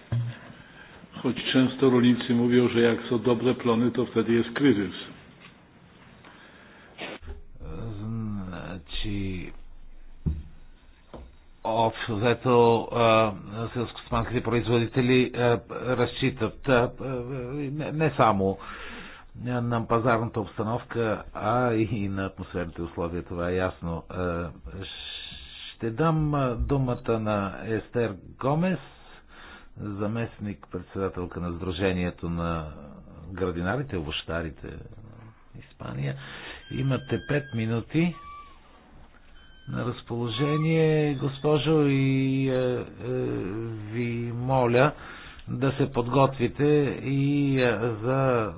Choć często му mówią, че як са добре плани, то вседи е кризис. Значи, общо взето селскостопанските производители разчитат не само на пазарната обстановка, а и на атмосферните условия, това е ясно. Ще дам думата на Естер Гомес, заместник председателка на Сдружението на градинарите, овощарите Испания. Имате 5 минути на разположение, госпожо, и е, е, ви моля да се подготвите и е, за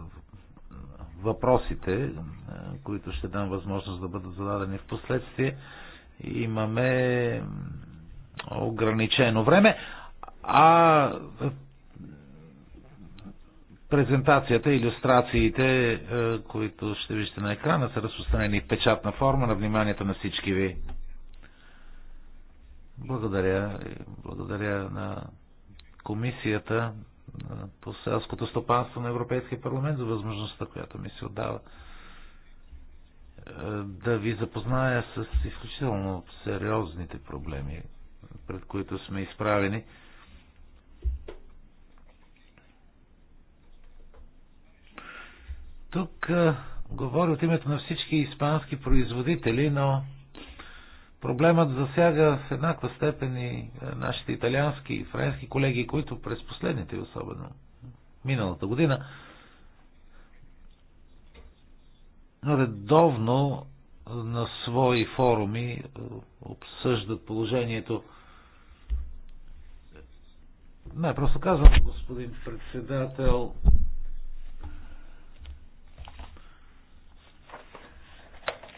въпросите, е, които ще дам възможност да бъдат зададени в последствие. Имаме ограничено време, а е, презентацията, иллюстрациите, които ще вижте на екрана, са разпространени в печатна форма на вниманието на всички ви. Благодаря. Благодаря на комисията по селското стопанство на Европейския парламент за възможността, която ми се отдава е, да ви запозная с изключително сериозните проблеми, пред които сме изправени. Тук е, говоря от името на всички испански производители, но Проблемът засяга в еднаква степен и е, нашите италиански и френски колеги, които през последните, особено миналата година, редовно на свои форуми е, обсъждат положението. Не, просто казвам, господин председател,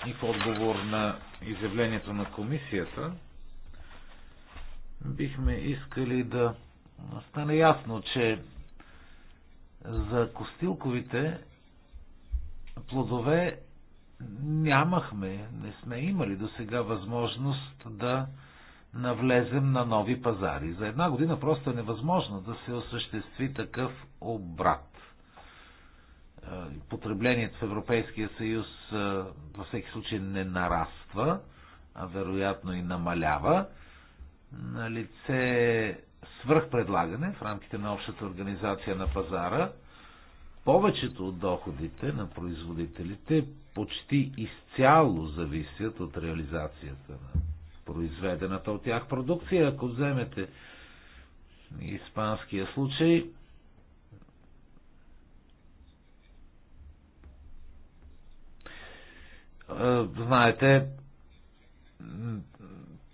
И в отговор на изявлението на комисията, бихме искали да стане ясно, че за костилковите плодове нямахме, не сме имали до сега възможност да навлезем на нови пазари. За една година просто е невъзможно да се осъществи такъв обрат потреблението в Европейския съюз във всеки случай не нараства, а вероятно и намалява. На лице свръхпредлагане в рамките на общата организация на пазара. Повечето от доходите на производителите почти изцяло зависят от реализацията на произведената от тях продукция. Ако вземете испанския случай, Е, знаете,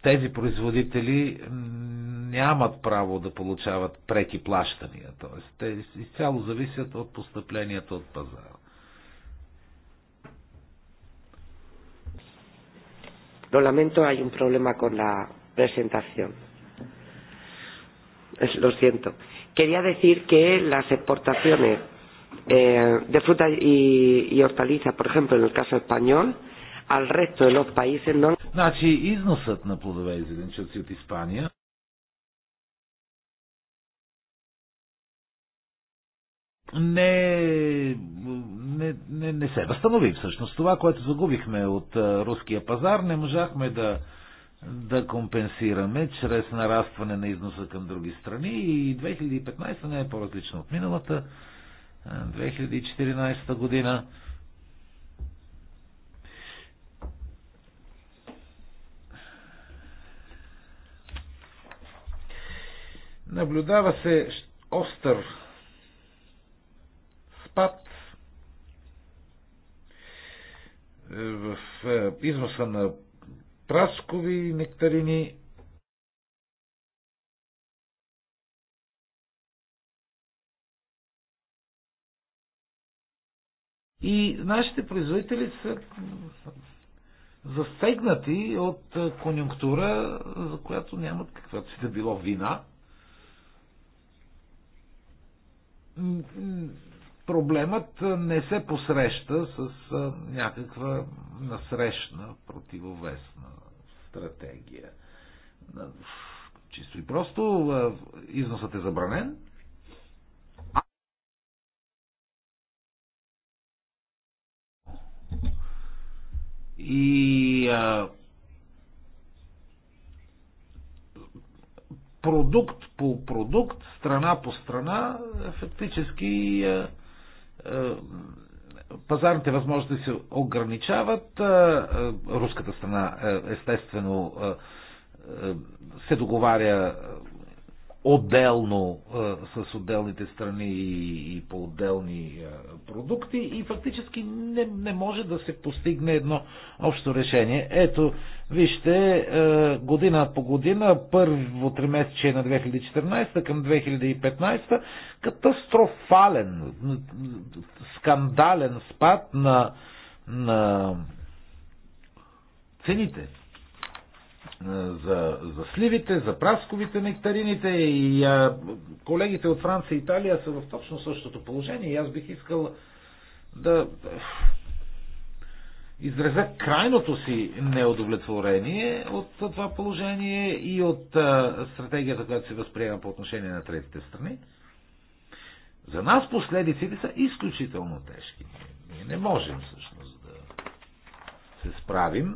тези производители нямат право да получават преки плащания. Т.е. те изцяло зависят от постъпленията от пазара. Lo lamento, hay un problema con la presentación. Lo siento. Quería decir que las exportaciones eh, de fruta y, y hortalizas, por ejemplo, en el caso español, al resto de los países no. Значи износът на плодове и зеленчуци от Испания не, не, не, не се възстанови всъщност. Това, което загубихме от а, руския пазар, не можахме да, да компенсираме чрез нарастване на износа към други страни и 2015 не е по-различно от миналата. 2014 година. Наблюдава се остър спад в е, износа на праскови нектарини И нашите производители са засегнати от е, конюнктура, за която нямат каквато си да било вина. Проблемът не се посреща с е, някаква насрещна, противовесна стратегия. Чисто и просто е, износът е забранен, и а, продукт по продукт, страна по страна, фактически а, а, пазарните възможности се ограничават. А, а, руската страна, е, естествено, а, се договаря отделно с отделните страни и, по отделни продукти и фактически не, не може да се постигне едно общо решение. Ето, вижте, година по година, първо три месече на 2014 към 2015, катастрофален, скандален спад на, на цените за, за сливите, за прасковите нектарините и а, колегите от Франция и Италия са в точно същото положение и аз бих искал да э, изразя крайното си неудовлетворение от това положение и от а, э, стратегията, която се възприема по отношение на третите страни. За нас последиците са изключително тежки. Ние не можем всъщност да се справим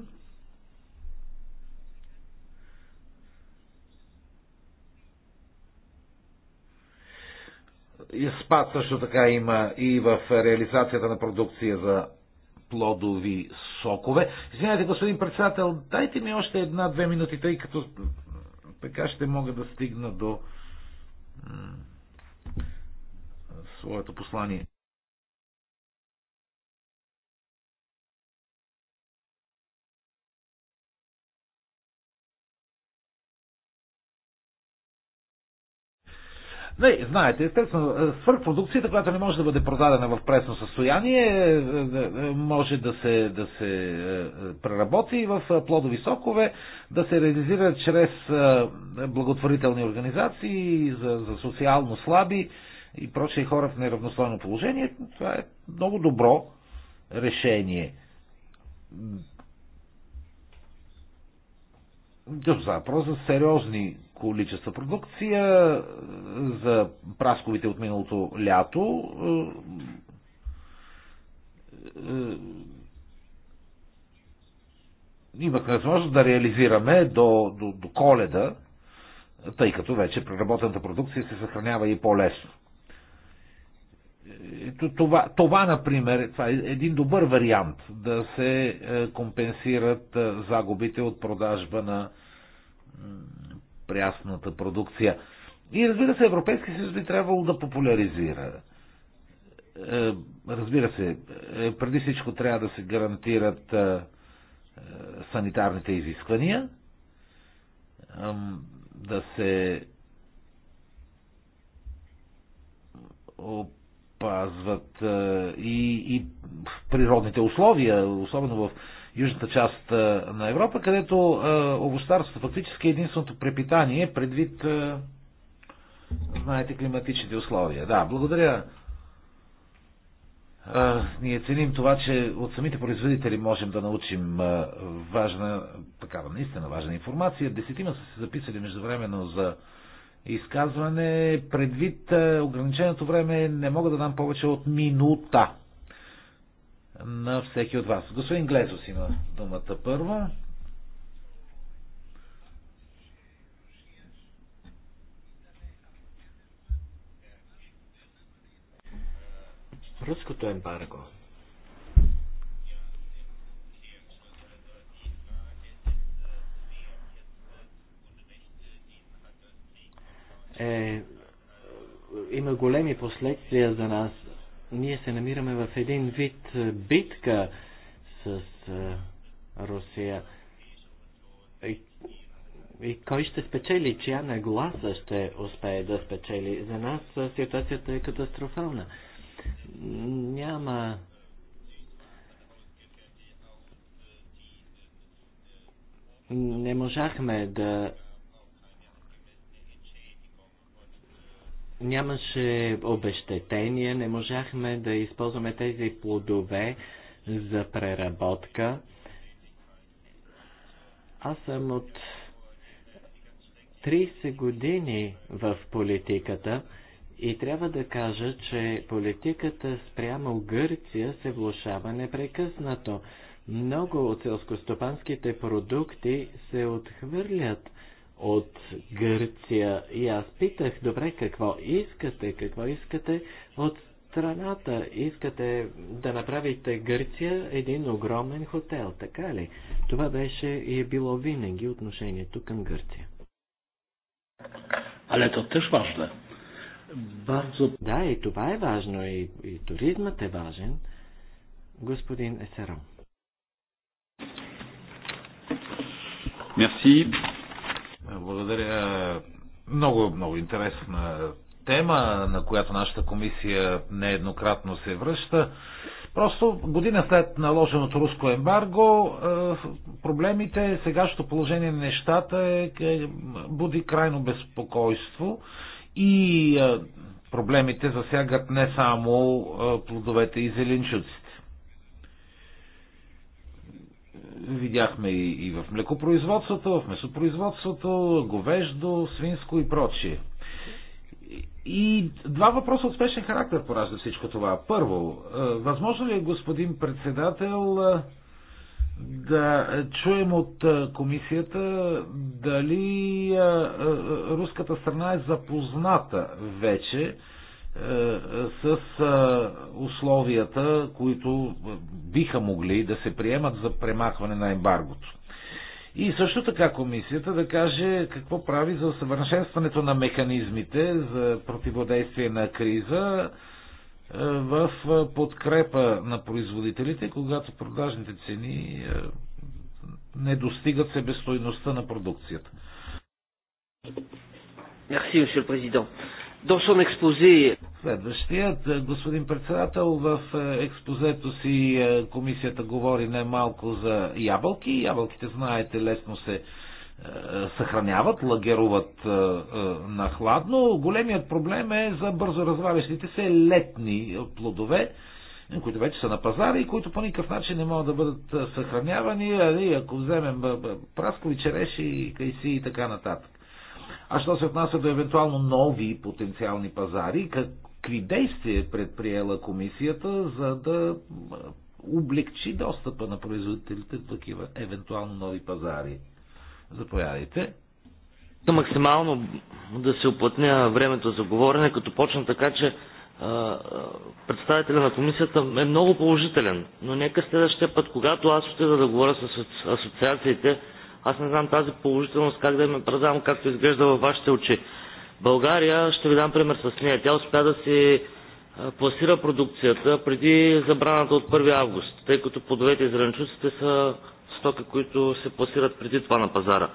И спад също така има и в реализацията на продукция за плодови сокове. Извинявайте, господин председател, дайте ми още една-две минути, тъй като така ще мога да стигна до своето послание. Не, нали, знаете, естествено, е, свърхпродукцията, която не може да бъде продадена в пресно състояние, е, е, може да се, да се преработи в плодови сокове, да се реализира чрез благотворителни организации за, за социално слаби и прочие хора в неравностойно положение. Това е много добро решение. е просто сериозни количества продукция е, за прасковите от миналото лято. Е, е, имахме възможност да реализираме до, до, до коледа, тъй като вече преработената продукция се съхранява и по-лесно. Това, това, например, това е един добър вариант да се компенсират загубите от продажба на прясната продукция. И разбира се, Европейски съюз би трябвало да популяризира. Е, разбира се, е, преди всичко трябва да се гарантират е, санитарните изисквания, да се опазват и, и природните условия, особено в южната част на Европа, където овощарството фактически е единственото препитание предвид, знаете, климатичните условия. Да, благодаря. Ние ценим това, че от самите производители можем да научим важна, такава наистина важна информация. Десетима са се записали междувременно за изказване. Предвид ограниченото време не мога да дам повече от минута на всеки от вас. Господин Глезос има думата първо. Руското ембарго. Е, има големи последствия за нас ние се намираме в един вид е, битка с е, Русия. И, и кой ще спечели, чия нагласа ще успее да спечели? За нас е, ситуацията е катастрофална. Няма не можахме да нямаше обещетение, не можахме да използваме тези плодове за преработка. Аз съм от 30 години в политиката и трябва да кажа, че политиката спрямо Гърция се влушава непрекъснато. Много от селскостопанските продукти се отхвърлят от Гърция. И аз питах, добре, какво искате, какво искате от страната? Искате да направите Гърция един огромен хотел, така ли? Това беше и е било винаги отношението към Гърция. Але то теж важно. Bardzo... Е. Да, и това е важно, и, и туризмът е важен. Господин Есером. Мерси. Благодаря. Много, много интересна тема, на която нашата комисия нееднократно се връща. Просто година след наложеното руско ембарго, проблемите, сегашното положение на нещата е, е буди крайно безпокойство и проблемите засягат не само плодовете и зеленчуците. Видяхме и, и в млекопроизводството, в месопроизводството, говеждо, свинско и прочие. И два въпроса от спешен характер поражда всичко това. Първо, е, възможно ли е, господин председател, е, да чуем от е, комисията дали руската страна е запозната вече е, е, с е, условията, които биха могли да се приемат за премахване на ембаргото. И също така комисията да каже какво прави за съвършенстването на механизмите за противодействие на криза в подкрепа на производителите, когато продажните цени не достигат себестойността на продукцията. Merci, господин президент. До сон експозиция. Следващият, е, господин председател, в е, експозето си е, комисията говори най-малко за ябълки. Ябълките, знаете, лесно се съхраняват, лагеруват на хладно. Големият проблем е за бързо развалящите се летни плодове, които вече са на пазара и които по никакъв начин не могат да бъдат съхранявани, ако вземем праскови, череши, кайси и така нататък. А що се отнася до евентуално нови потенциални пазари, какви действия е предприела комисията, за да облегчи достъпа на производителите до такива евентуално нови пазари? Заповядайте. Максимално да се оплътня времето за говорене, като почна така, че представителя на комисията е много положителен. Но нека следващия път, когато аз отида да говоря с асоциациите, аз не знам тази положителност как да я предавам, както изглежда във вашите очи. България, ще ви дам пример с нея, тя успя да си пласира продукцията преди забраната от 1 август, тъй като плодовете и зеленчуците са стока, които се пласират преди това на пазара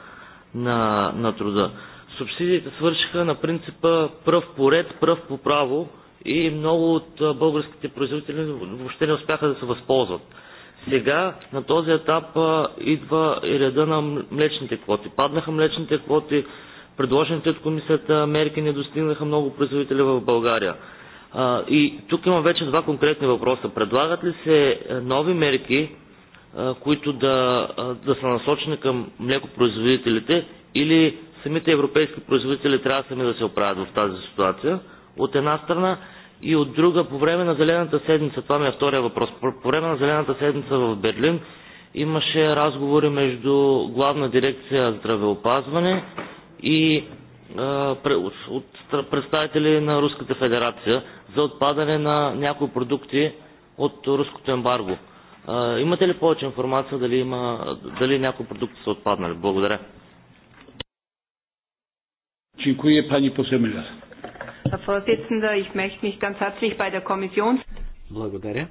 на, на труда. Субсидиите свършиха на принципа пръв по ред, пръв по право и много от българските производители въобще не успяха да се възползват. Сега на този етап идва и реда на млечните квоти. Паднаха млечните квоти, предложените от комисията мерки не достигнаха много производители в България. И тук има вече два конкретни въпроса. Предлагат ли се нови мерки, които да, да са насочени към млекопроизводителите или самите европейски производители трябва сами да се оправят в тази ситуация, от една страна, и от друга по време на Зелената седмица, това ми е втория въпрос, по време на Зелената седмица в Берлин имаше разговори между главна дирекция здравеопазване и от представители на Руската федерация за отпадане на някои продукти от руското ембарго. Имате ли повече информация дали, има, дали някои продукти са отпаднали? Благодаря. Dziękuję пани poseł благодаря.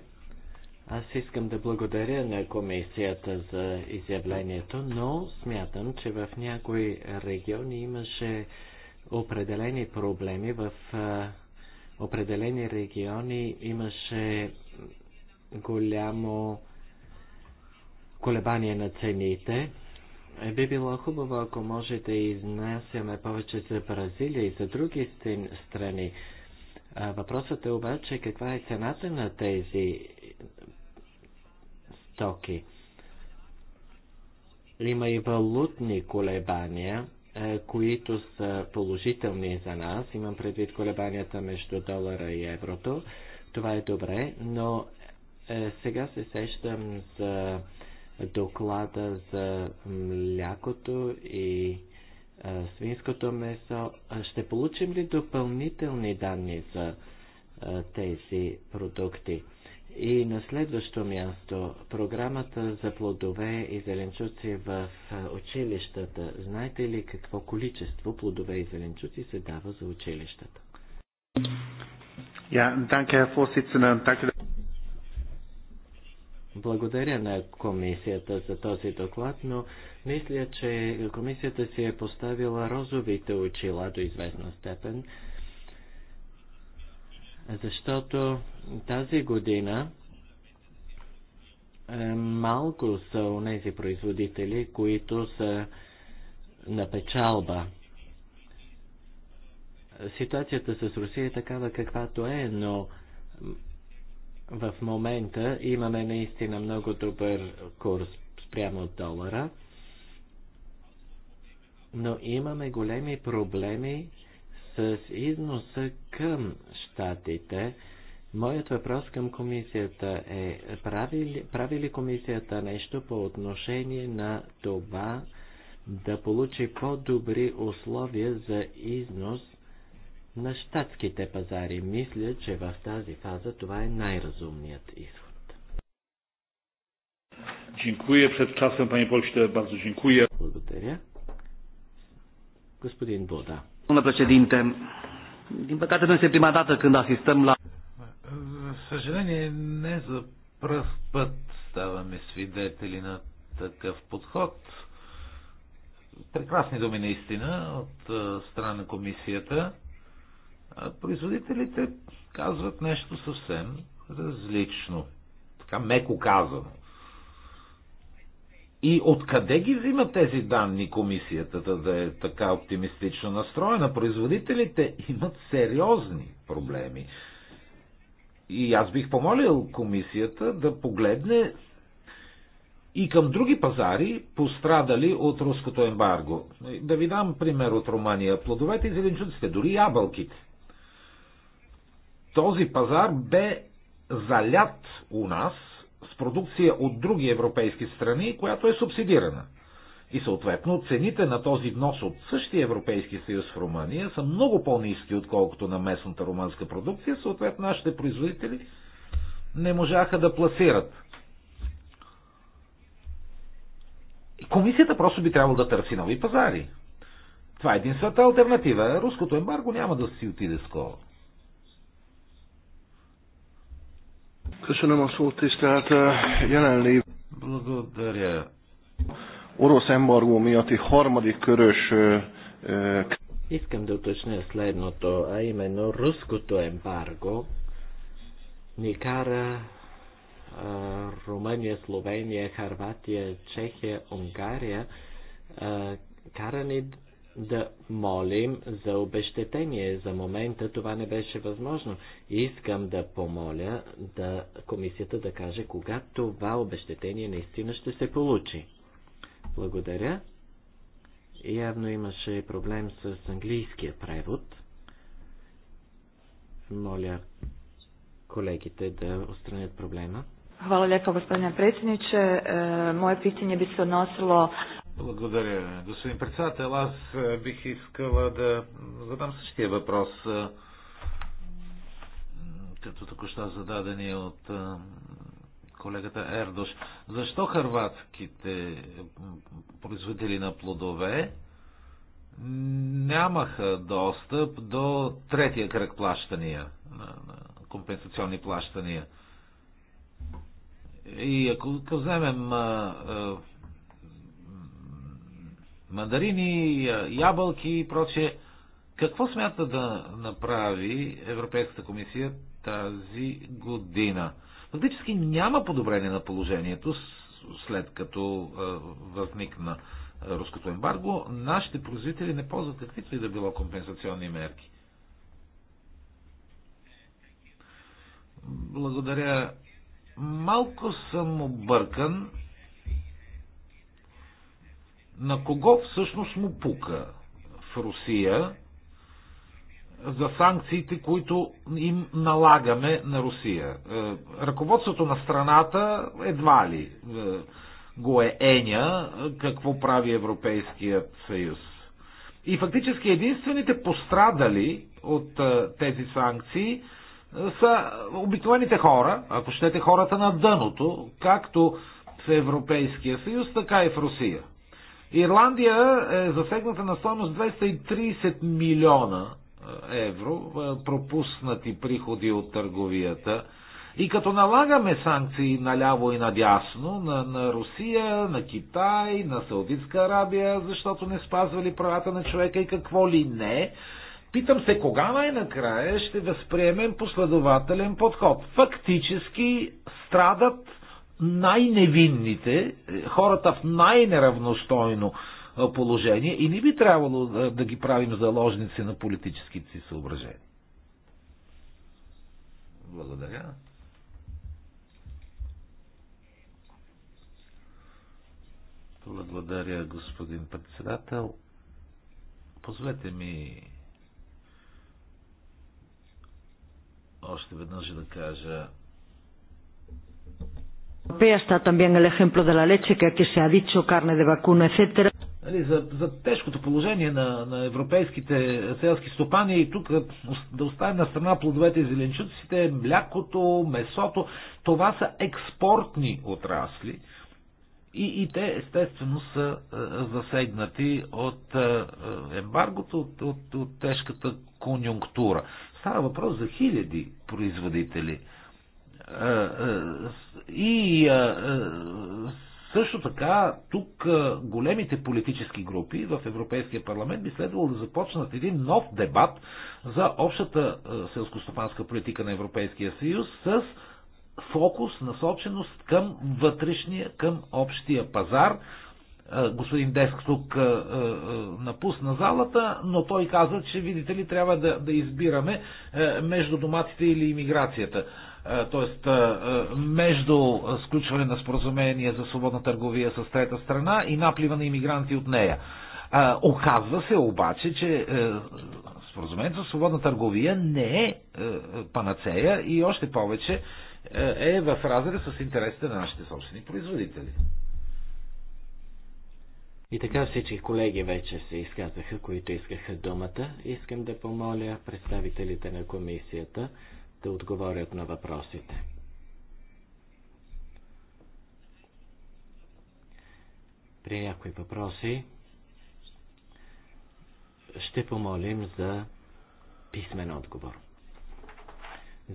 Аз искам да благодаря на комисията за изявлението, но смятам, че в някои региони имаше определени проблеми. В определени региони имаше голямо колебание на цените. Е, би било хубаво, ако може да изнасяме повече за Бразилия и за други страни. А, въпросът е обаче каква е цената на тези стоки. Има и валутни колебания, е, които са положителни за нас. Имам предвид колебанията между долара и еврото. Това е добре, но е, сега се сещам за доклада за млякото и а, свинското месо. Ще получим ли допълнителни данни за а, тези продукти? И на следващо място, програмата за плодове и зеленчуци в училищата. Знаете ли какво количество плодове и зеленчуци се дава за училищата? Ja, danke, Herr thank you. Благодаря на комисията за този доклад, но мисля, че комисията си е поставила розовите очила до известна степен, защото тази година е, малко са у нези производители, които са на печалба. Ситуацията с Русия е такава каквато е, но в момента имаме наистина много добър курс спрямо от долара, но имаме големи проблеми с износа към щатите. Моят въпрос към комисията е, прави ли, прави ли комисията нещо по отношение на това да получи по-добри условия за износ на щатските пазари. Мисля, че в тази фаза това е най-разумният изход. Dziękuję. Przed czasem, panie pośle, bardzo dziękuję. Благодаря. Господин Бода. Domnule președinte, din păcate nu este prima dată când asistăm la... Съжаление, не за пръв път ставаме свидетели на такъв подход. Прекрасни думи наистина от страна на комисията а производителите казват нещо съвсем различно. Така меко казано. И откъде ги взима тези данни комисията, да е така оптимистично настроена? Производителите имат сериозни проблеми. И аз бих помолил комисията да погледне и към други пазари, пострадали от руското ембарго. Да ви дам пример от Румъния. Плодовете и зеленчуците, дори ябълките този пазар бе залят у нас с продукция от други европейски страни, която е субсидирана. И съответно цените на този внос от същия Европейски съюз в Румъния са много по-низки, отколкото на местната румънска продукция. Съответно нашите производители не можаха да пласират. Комисията просто би трябвало да търси нови пазари. Това е единствената альтернатива. Руското ембарго няма да си отиде скоро. Köszönöm a szót, tisztelt jelenlév. Благодаря. Orosz embargó miatti harmadik körös Искам да уточня следното, а именно руското ембарго ни кара а, Румъния, Словения, Харватия, Чехия, Унгария а, кара ни да молим за обещетение. За момента това не беше възможно. Искам да помоля да комисията да каже кога това обещетение наистина ще се получи. Благодаря. Явно имаше проблем с английския превод. Моля колегите да устранят проблема. Hvala lijepo gospodine predsjedniče. Moje е, pitanje bi se odnosilo благодаря, господин председател. Аз е, бих искала да задам същия въпрос, е, като току-що зададения от е, колегата Ердош. Защо харватските производители на плодове нямаха достъп до третия кръг плащания, компенсационни плащания? И ако, вземем мандарини, ябълки и прочее. Какво смята да направи Европейската комисия тази година? Фактически няма подобрение на положението след като е, възникна е, руското ембарго. Нашите производители не ползват каквито и да било компенсационни мерки. Благодаря. Малко съм объркан на кого всъщност му пука в Русия за санкциите, които им налагаме на Русия? Е, ръководството на страната едва ли е, го е еня какво прави Европейският съюз. И фактически единствените пострадали от е, тези санкции са обикновените хора, ако щете хората на дъното, както в Европейския съюз, така и в Русия. Ирландия е засегната на стоеност 230 милиона е, евро е, пропуснати приходи от търговията. И като налагаме санкции наляво и надясно на, на Русия, на Китай, на Саудитска Арабия, защото не спазвали правата на човека и какво ли не, питам се кога най-накрая ще възприемем последователен подход. Фактически страдат най-невинните, хората в най-неравностойно положение и не би трябвало да ги правим заложници на политическите си съображения. Благодаря. Благодаря, господин председател. Позвете ми още веднъж да кажа Está también el ejemplo de la leche, que aquí se ha dicho, carne de vacuno, нали, За, за тежкото положение на, на европейските селски стопани и тук да оставим на страна плодовете и зеленчуците, млякото, месото, това са експортни отрасли и, и те естествено са а, е, засегнати от а, е, е, ембаргото, от, от, от тежката конюнктура. Става въпрос за хиляди производители. Е, е, и е, също така, тук големите политически групи в Европейския парламент би следвало да започнат един нов дебат за общата селскостопанска политика на Европейския съюз с фокус, насоченост към вътрешния, към общия пазар. Господин Деск тук напусна залата, но той каза, че видите ли трябва да, да избираме между доматите или иммиграцията т.е. Е, е, между сключване на споразумение за свободна търговия с трета страна и наплива на иммигранти от нея. Е, оказва се обаче, че споразумението за свободна търговия не е панацея и още повече е в разрез с интересите на нашите собствени производители. И така всички колеги вече се изказаха, които искаха думата. Искам да помоля представителите на комисията да отговорят на въпросите. При някои въпроси ще помолим за писмен отговор.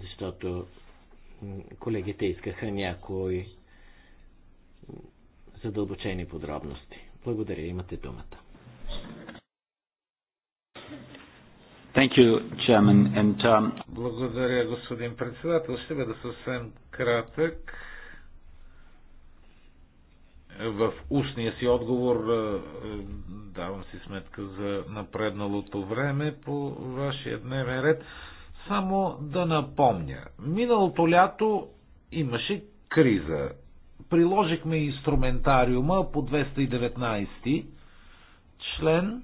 Защото колегите искаха някои задълбочени подробности. Благодаря, имате думата. Thank you, Chairman. And, um, Благодаря, господин председател. Ще бъда съвсем кратък. В устния си отговор е, е, давам си сметка за напредналото време по вашия дневен ред. Само да напомня. Миналото лято имаше криза. Приложихме инструментариума по 219 член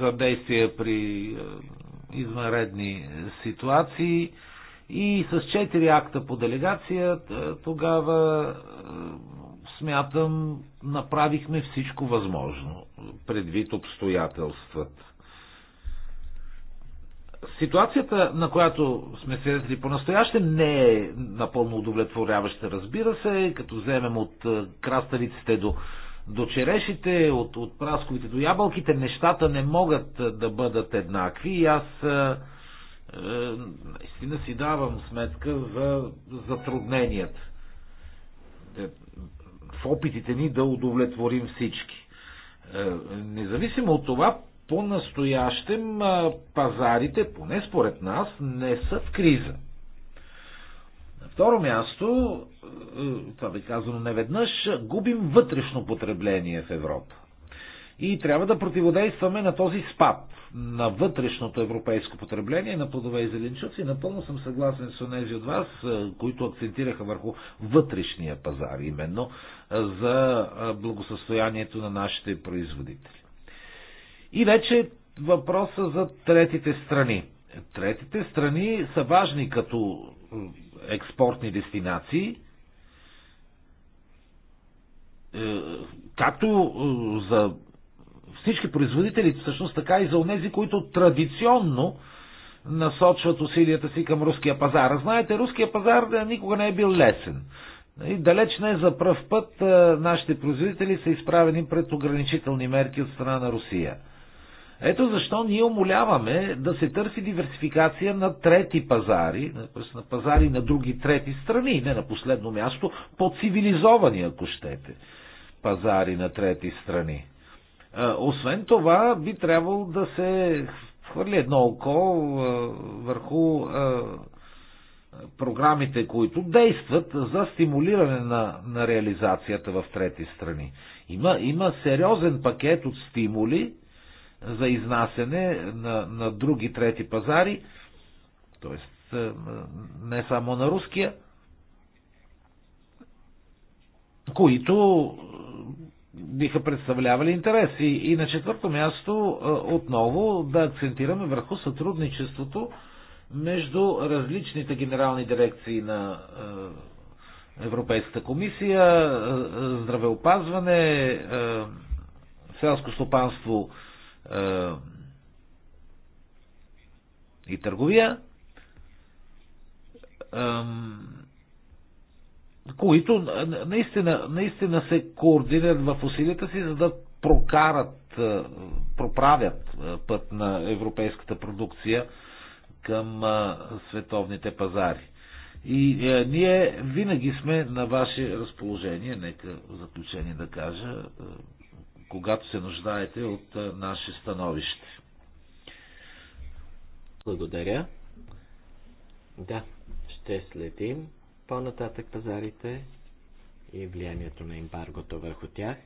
за действия при е, извънредни ситуации и с четири акта по делегация е, тогава е, смятам направихме всичко възможно предвид обстоятелствата. Ситуацията, на която сме свидетели по-настояще, не е напълно удовлетворяваща, разбира се, като вземем от краставиците до до черешите, от, от прасковите до ябълките, нещата не могат е, да бъдат еднакви и аз е, е, наистина си давам сметка за затрудненията. В опитите ни да удовлетворим всички. Независимо от това, по-настоящем пазарите, поне според нас, не са в криза второ място, е, това бе казано неведнъж, губим вътрешно потребление в Европа. И трябва да противодействаме на този спад на вътрешното европейско потребление на плодове и зеленчуци. Напълно съм съгласен с онези от вас, е, които акцентираха върху вътрешния пазар, именно е, за благосъстоянието на нашите производители. И вече въпроса за третите страни. Третите страни са важни като експортни дестинации, е, както е, за всички производители, всъщност така и за онези, които традиционно насочват усилията си към руския пазар. Знаете, руския пазар е, никога не е бил лесен. И далеч не за пръв път нашите производители са изправени пред ограничителни мерки от страна на Русия – ето защо ние умоляваме да се търси диверсификация на трети пазари, на пазари на други трети страни, не на последно място, по-цивилизовани, ако щете, пазари на трети страни. Освен това, би трябвало да се хвърли едно око върху програмите, които действат за стимулиране на, на реализацията в трети страни. Има, има сериозен пакет от стимули, за изнасяне на, на други трети пазари, т.е. Е, не само на руския, които е, биха представлявали интереси. И на четвърто място е, отново да акцентираме върху сътрудничеството между различните генерални дирекции на Европейската комисия, здравеопазване, селско стопанство, е, и търговия, които наистина, наистина се координират в усилията си, за да прокарат, е, проправят е, път на европейската продукция към световните пазари. И ние винаги сме на ваше разположение, нека в заключение да кажа, когато се нуждаете от наше становище. Благодаря. Да, ще следим по-нататък пазарите и влиянието на ембаргото върху тях.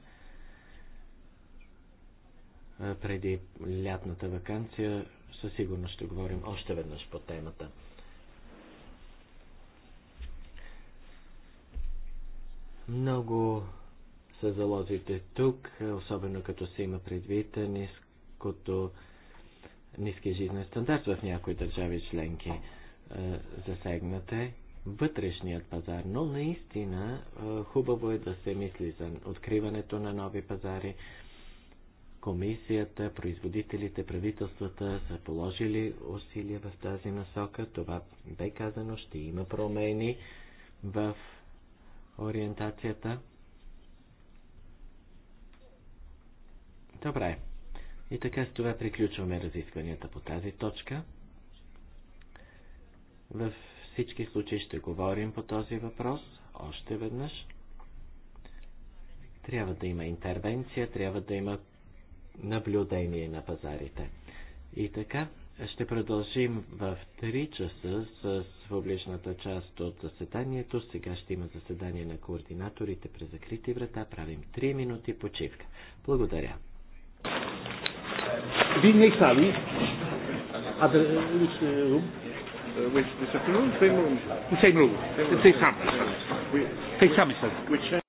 Преди лятната вакансия със сигурност ще говорим още веднъж по темата. Много са залозите тук, особено като се има предвид ниското, ниски жизнен стандарт в някои държави членки. Е, засегнате вътрешният пазар, но наистина е, хубаво е да се мисли за откриването на нови пазари. Комисията, производителите, правителствата са положили усилия в тази насока. Това бе казано, ще има промени в ориентацията. Добре. И така с това приключваме разискванията по тази точка. Във всички случаи ще говорим по този въпрос още веднъж. Трябва да има интервенция, трябва да има наблюдение на пазарите. И така, ще продължим в 3 часа с публичната част от заседанието. Сега ще има заседание на координаторите през закрити врата. Правим 3 минути почивка. Благодаря the big sali, other which uh, room? Uh, which this afternoon, same room. The same room. Same, same, same, same, same, same, same, same, same, same, same,